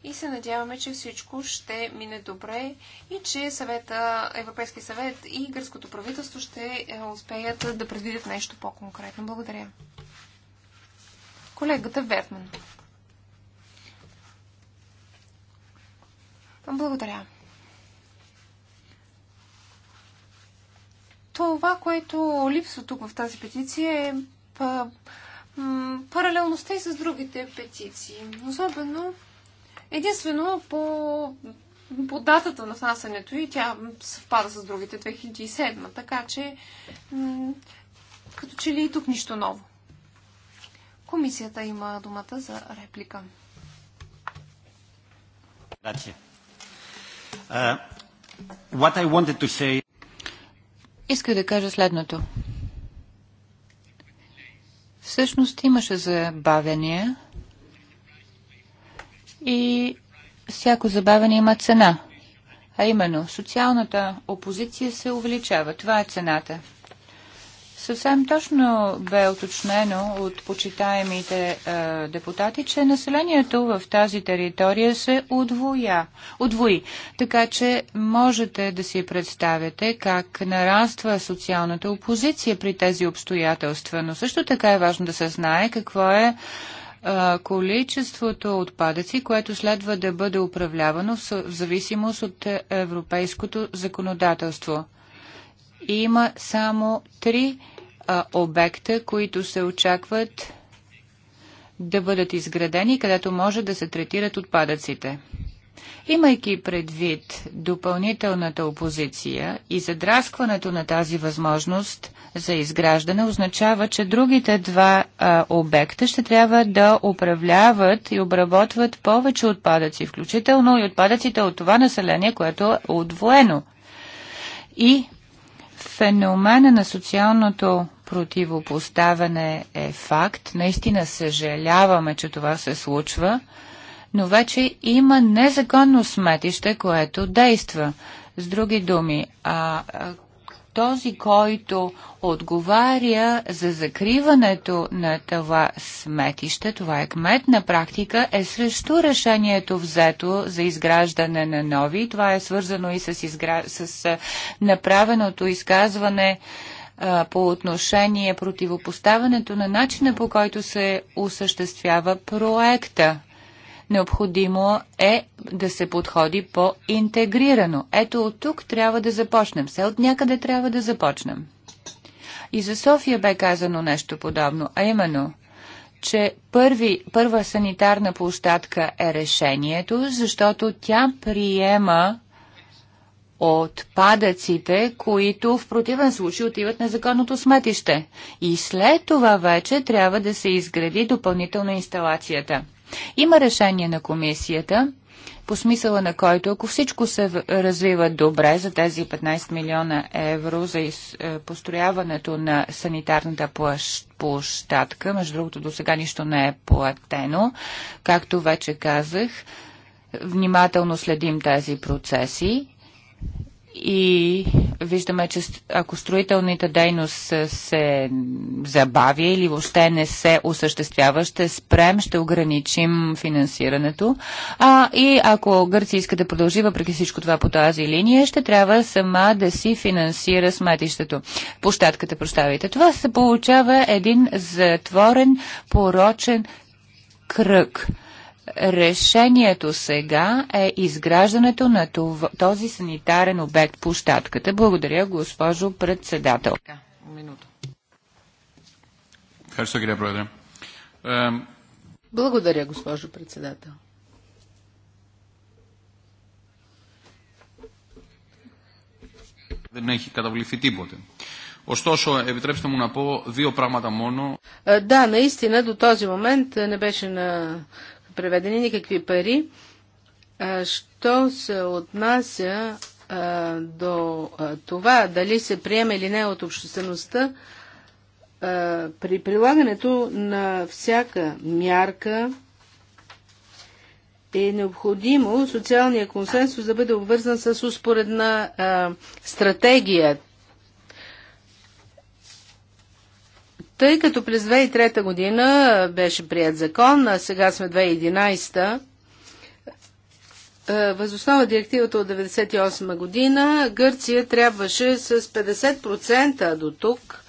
и се надяваме, че всичко ще мине добре и че съвета, Европейски съвет и гръцкото правителство ще е, успеят да предвидят нещо по-конкретно. Благодаря. Колегата Вертман. Благодаря. Това, което липсва тук в тази петиция е паралелността и с другите петиции. Особено единствено по, по датата на внасянето и тя съвпада с другите 2007. Така че като че ли и тук нищо ново. Комисията има думата за реплика. Say... Иска да кажа следното. Всъщност имаше забавяния и всяко забавяне има цена. А именно, социалната опозиция се увеличава. Това е цената. Съвсем точно бе уточнено от почитаемите е, депутати, че населението в тази територия се удвоя, удвои. Така че можете да си представите как нараства социалната опозиция при тези обстоятелства. Но също така е важно да се знае какво е, е количеството отпадъци, което следва да бъде управлявано в зависимост от е, европейското законодателство има само три а, обекта, които се очакват да бъдат изградени, където може да се третират отпадъците. Имайки предвид допълнителната опозиция и задраскването на тази възможност за изграждане, означава, че другите два а, обекта ще трябва да управляват и обработват повече отпадъци, включително и отпадъците от това население, което е отвоено. И Феномена на социалното противопоставяне е факт. Наистина съжаляваме, че това се случва, но вече има незаконно сметище, което действа. С други думи, а, този, който отговаря за закриването на това сметище, това е кмет на практика, е срещу решението взето за изграждане на нови. Това е свързано и с, изгра... с направеното изказване а, по отношение противопоставането на начина по който се осъществява проекта Необходимо е да се подходи по-интегрирано. Ето от тук трябва да започнем. Все от някъде трябва да започнем. И за София бе казано нещо подобно, а именно, че първи, първа санитарна площадка е решението, защото тя приема отпадъците, които в противен случай отиват на законното сметище. И след това вече трябва да се изгради допълнително инсталацията. Има решение на комисията, по смисъла на който, ако всичко се развива добре за тези 15 милиона евро за е, построяването на санитарната площадка, между другото до сега нищо не е платено, както вече казах, внимателно следим тези процеси и виждаме, че ако строителните дейност се забавя или въобще не се осъществява, ще спрем, ще ограничим финансирането. А, и ако Гърция иска да продължи въпреки всичко това по тази линия, ще трябва сама да си финансира сметището. Площадката, проставите. Това се получава един затворен, порочен кръг – решението сега е изграждането на това, този санитарен обект щатката. Благодаря, госпожо председател. Благодаря, госпожо председател. Δεν έχει καταβληθεί τίποτε. Ωστόσο, επιτρέψτε μου να πω δύο πράγματα μόνο. Да, наистина до този момент не беше на преведени никакви пари. Що се отнася до това, дали се приема или не от обществеността, при прилагането на всяка мярка е необходимо социалния консенсус да бъде обвързан с успоредна стратегия. Тъй като през 2003 година беше прият закон, а сега сме 2011, е, възоснова директивата от 1998 година, Гърция трябваше с 50% до тук,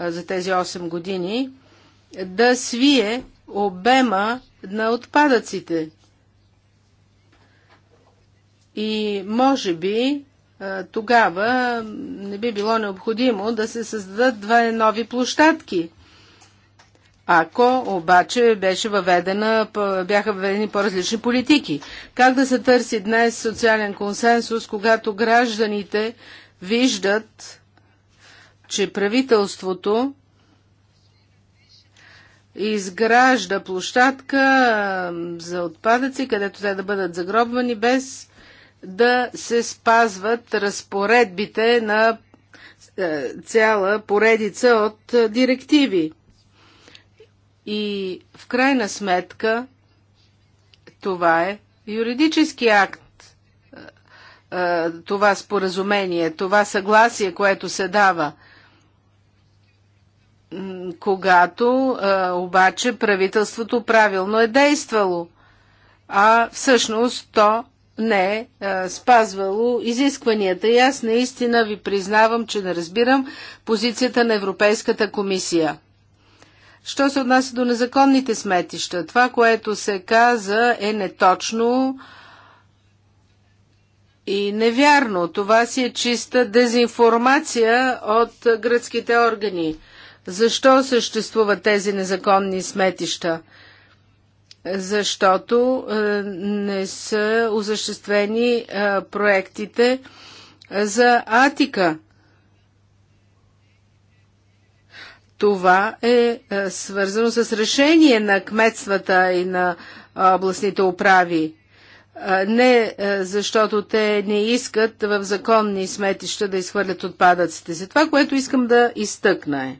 е, за тези 8 години, да свие обема на отпадъците. И може би тогава не би било необходимо да се създадат две нови площадки. Ако обаче беше въведена, бяха въведени по-различни политики. Как да се търси днес социален консенсус, когато гражданите виждат, че правителството изгражда площадка за отпадъци, където те да бъдат загробвани без да се спазват разпоредбите на е, цяла поредица от директиви. И в крайна сметка това е юридически акт. Е, е, това споразумение, това съгласие, което се дава. Когато обаче правителството правилно е действало, а всъщност то не е спазвало изискванията. И аз наистина ви признавам, че не разбирам позицията на Европейската комисия. Що се отнася до незаконните сметища? Това, което се каза, е неточно и невярно. Това си е чиста дезинформация от гръцките органи. Защо съществуват тези незаконни сметища? защото е, не са осъществени е, проектите е, за Атика. Това е свързано с решение на кметствата и на областните управи. Не защото те не искат в законни сметища да изхвърлят отпадъците си. Това, което искам да изтъкна е.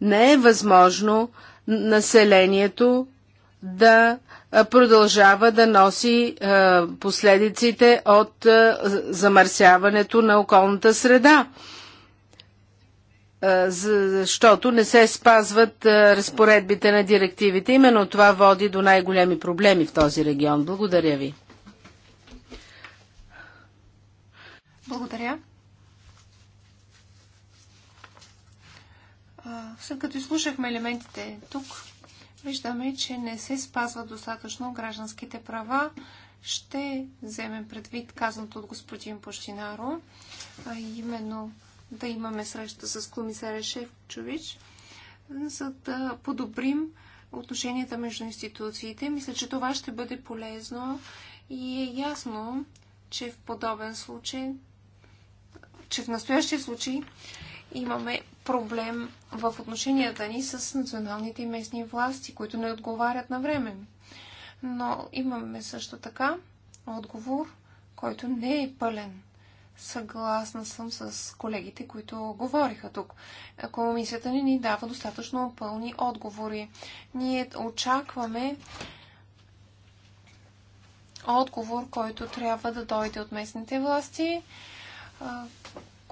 Не е възможно населението да продължава да носи последиците от замърсяването на околната среда, защото не се спазват разпоредбите на директивите. Именно това води до най-големи проблеми в този регион. Благодаря ви. Благодаря. След като изслушахме елементите тук, виждаме, че не се спазват достатъчно гражданските права. Ще вземем предвид казаното от господин Пощинаро, а именно да имаме среща с комисаря Шевчович, за да подобрим отношенията между институциите. Мисля, че това ще бъде полезно и е ясно, че в подобен случай, че в настоящия случай имаме проблем в отношенията ни с националните и местни власти, които не отговарят на време. Но имаме също така отговор, който не е пълен. Съгласна съм с колегите, които говориха тук. Комисията ни ни дава достатъчно пълни отговори. Ние очакваме отговор, който трябва да дойде от местните власти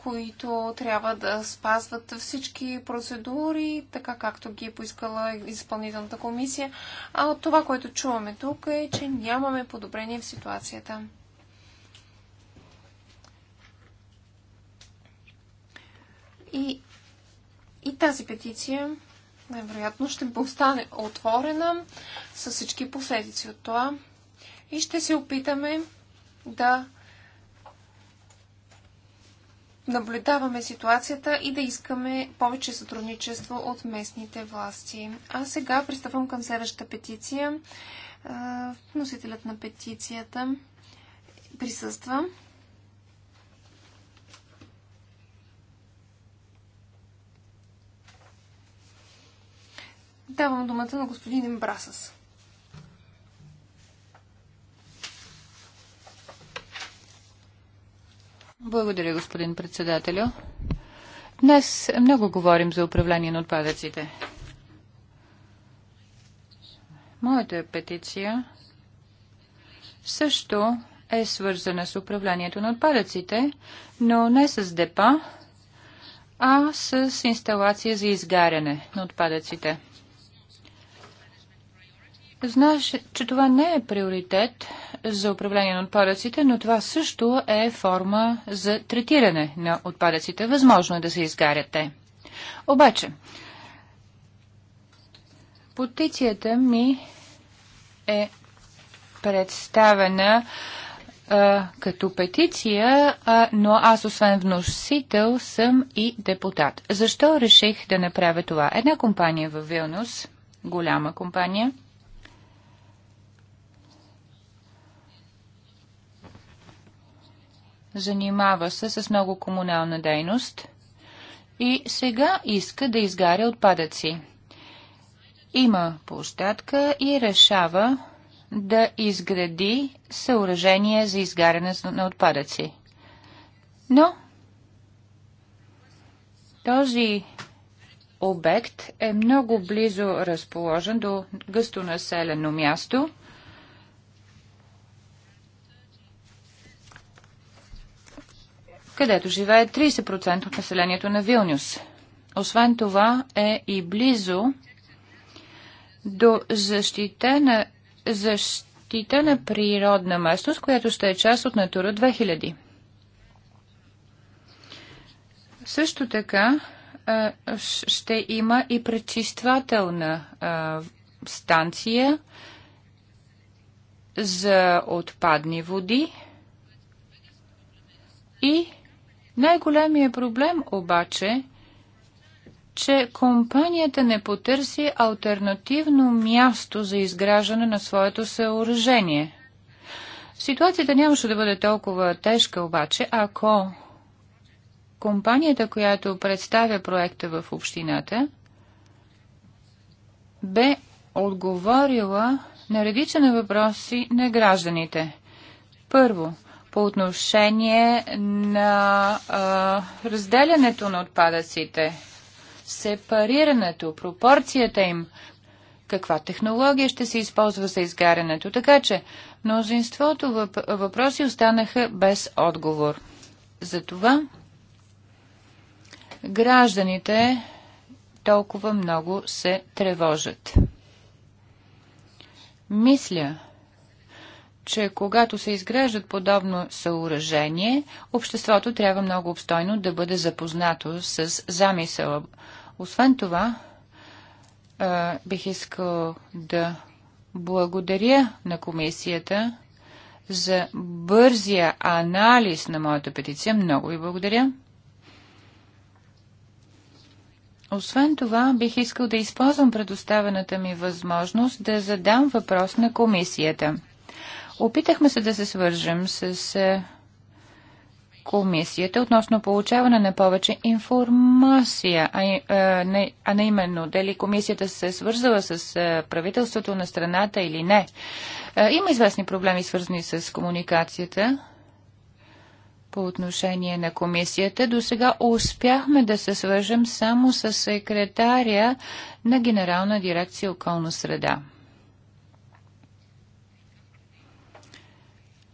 които трябва да спазват всички процедури, така както ги е поискала изпълнителната комисия. А от това, което чуваме тук е, че нямаме подобрение в ситуацията. И, и тази петиция най-вероятно ще остане отворена с всички последици от това. И ще се опитаме да наблюдаваме ситуацията и да искаме повече сътрудничество от местните власти. А сега пристъпвам към следващата петиция. Носителят на петицията присъства. Давам думата на господин Брасас. Благодаря, господин председателю. Днес много говорим за управление на отпадъците. Моята петиция също е свързана с управлението на отпадъците, но не с депа, а с инсталация за изгаряне на отпадъците. Знаеш, че това не е приоритет за управление на отпадъците, но това също е форма за третиране на отпадъците. Възможно е да се изгарят те. Обаче, потицията ми е представена а, като петиция, а, но аз освен вносител съм и депутат. Защо реших да направя това? Една компания във Вилнус, голяма компания – занимава се с много комунална дейност и сега иска да изгаря отпадъци. Има площадка и решава да изгради съоръжение за изгаряне на отпадъци. Но този обект е много близо разположен до гъсто населено място – където живее 30% от населението на Вилнюс. Освен това е и близо до защитена, защитена природна местност, която ще е част от Натура 2000. Също така ще има и пречиствателна станция за отпадни води и най-големият проблем обаче че компанията не потърси альтернативно място за изграждане на своето съоръжение. Ситуацията нямаше да бъде толкова тежка обаче, ако компанията, която представя проекта в общината, бе отговорила на редица на въпроси на гражданите. Първо, по отношение на а, разделянето на отпадъците, сепарирането, пропорцията им, каква технология ще се използва за изгарянето. Така че мнозинството въп... въпроси останаха без отговор. Затова гражданите толкова много се тревожат. Мисля, че когато се изграждат подобно съоръжение, обществото трябва много обстойно да бъде запознато с замисъла. Освен това, бих искал да благодаря на комисията за бързия анализ на моята петиция. Много ви благодаря. Освен това, бих искал да използвам предоставената ми възможност да задам въпрос на комисията. Опитахме се да се свържем с е, комисията относно получаване на повече информация, а, а, е, не, а не именно дали комисията се е свързала с е, правителството на страната или не. има известни проблеми, свързани с комуникацията по отношение на комисията. До сега успяхме да се свържем само с секретаря на Генерална дирекция околна среда.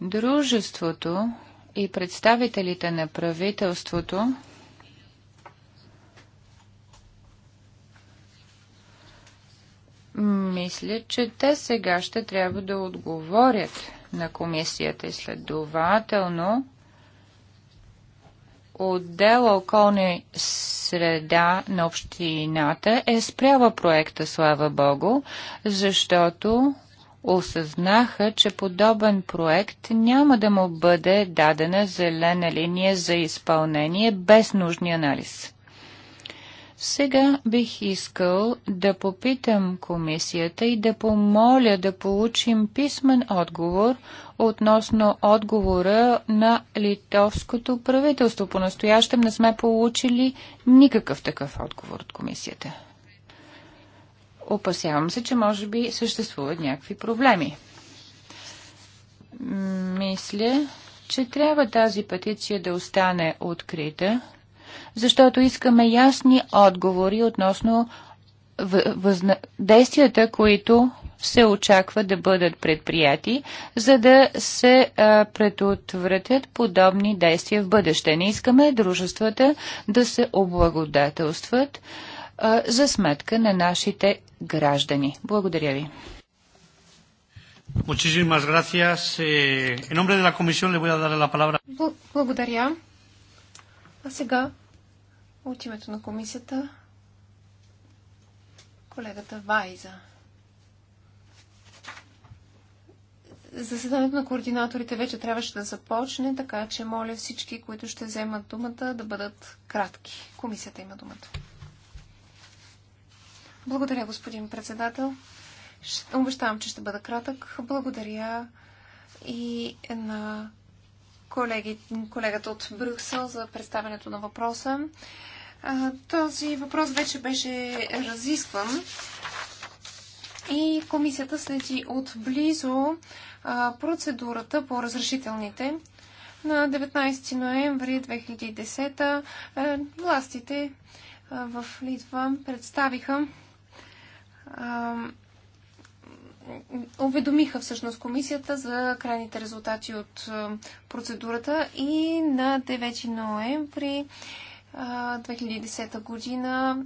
Дружеството и представителите на правителството мисля, че те сега ще трябва да отговорят на комисията и следователно отдел околни среда на общината е спряла проекта, слава Богу, защото осъзнаха, че подобен проект няма да му бъде дадена зелена линия за изпълнение без нужния анализ. Сега бих искал да попитам комисията и да помоля да получим писмен отговор относно отговора на литовското правителство. По-настоящем не сме получили никакъв такъв отговор от комисията. Опасявам се, че може би съществуват някакви проблеми. Мисля, че трябва тази петиция да остане открита, защото искаме ясни отговори относно действията, които се очаква да бъдат предприяти, за да се а, предотвратят подобни действия в бъдеще. Не искаме дружествата да се облагодателстват за сметка на нашите граждани. Благодаря ви. Muchísimas gracias. Eh, en nombre de la comisión le voy a dar la palabra. Благодаря. А сега от името на комисията колегата Вайза. Заседанието на координаторите вече трябваше да започне, така че моля всички, които ще вземат думата, да бъдат кратки. Комисията има думата. Благодаря, господин председател. Обещавам, че ще бъда кратък. Благодаря и на колеги, колегата от Брюксел за представянето на въпроса. Този въпрос вече беше разискван и комисията следи отблизо процедурата по разрешителните. На 19 ноември 2010 властите в Литва представиха уведомиха всъщност комисията за крайните резултати от процедурата и на 9 ноември 2010 година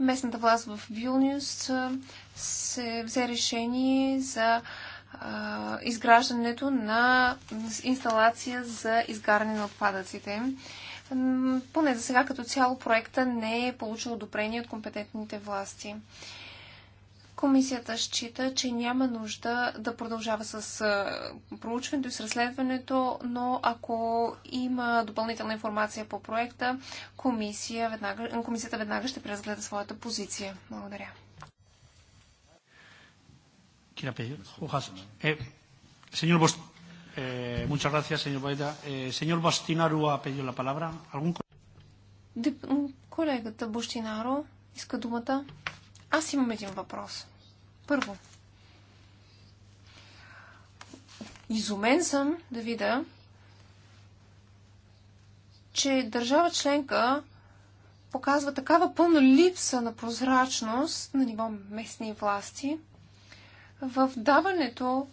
местната власт в Вилнюс се взе решение за изграждането на инсталация за изгаряне на отпадъците. Поне за сега като цяло проекта не е получил одобрение от компетентните власти. Комисията счита, че няма нужда да продължава с проучването и с разследването, но ако има допълнителна информация по проекта, комисия веднага, комисията веднага ще преразгледа своята позиция. Благодаря. Е, е, е, колегата Бощинаро иска думата. Аз имам един въпрос. Първо. Изумен съм да видя, че държава членка показва такава пълна липса на прозрачност на ниво местни власти в даването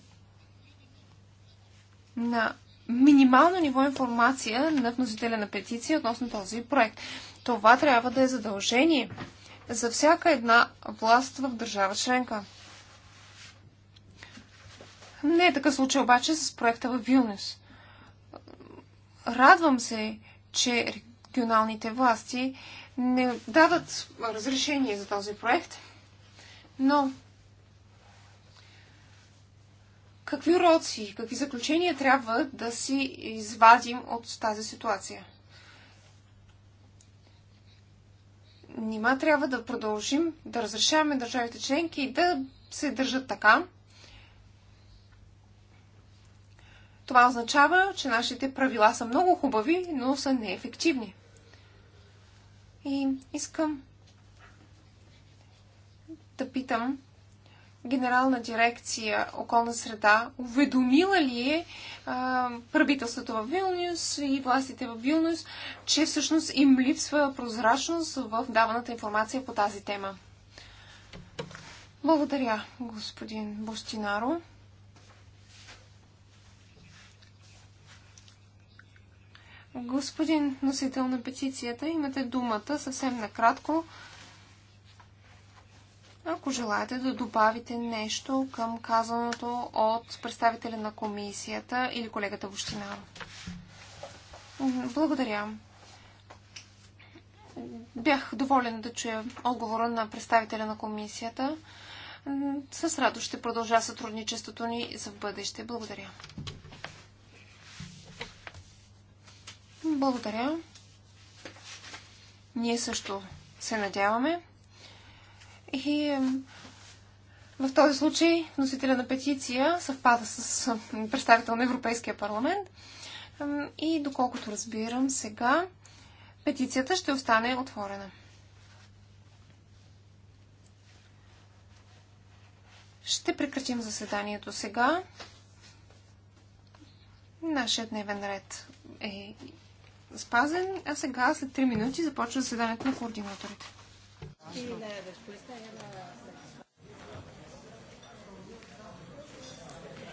на минимално ниво информация на вносителя на петиция относно този проект. Това трябва да е задължение за всяка една власт в държава членка. Не е такъв случай обаче с проекта в Вилнюс. Радвам се, че регионалните власти не дадат разрешение за този проект, но какви уроци, какви заключения трябва да си извадим от тази ситуация? Нима трябва да продължим да разрешаваме държавите членки и да се държат така. Това означава, че нашите правила са много хубави, но са неефективни. И искам да питам Генерална дирекция околна среда уведомила ли е правителството в Вилнюс и властите в Вилнюс, че всъщност им липсва прозрачност в даваната информация по тази тема? Благодаря, господин Бостинаро. Господин носител на петицията, имате думата съвсем накратко ако желаете да добавите нещо към казаното от представителя на комисията или колегата Вощина. Благодаря. Бях доволен да чуя отговора на представителя на комисията. С радост ще продължа сътрудничеството ни за в бъдеще. Благодаря. Благодаря. Ние също се надяваме. И в този случай носителя на петиция съвпада с представител на Европейския парламент. И доколкото разбирам сега, петицията ще остане отворена. Ще прекратим заседанието сега. Нашият дневен ред е спазен, а сега след 3 минути започва заседанието на координаторите. Y la respuesta era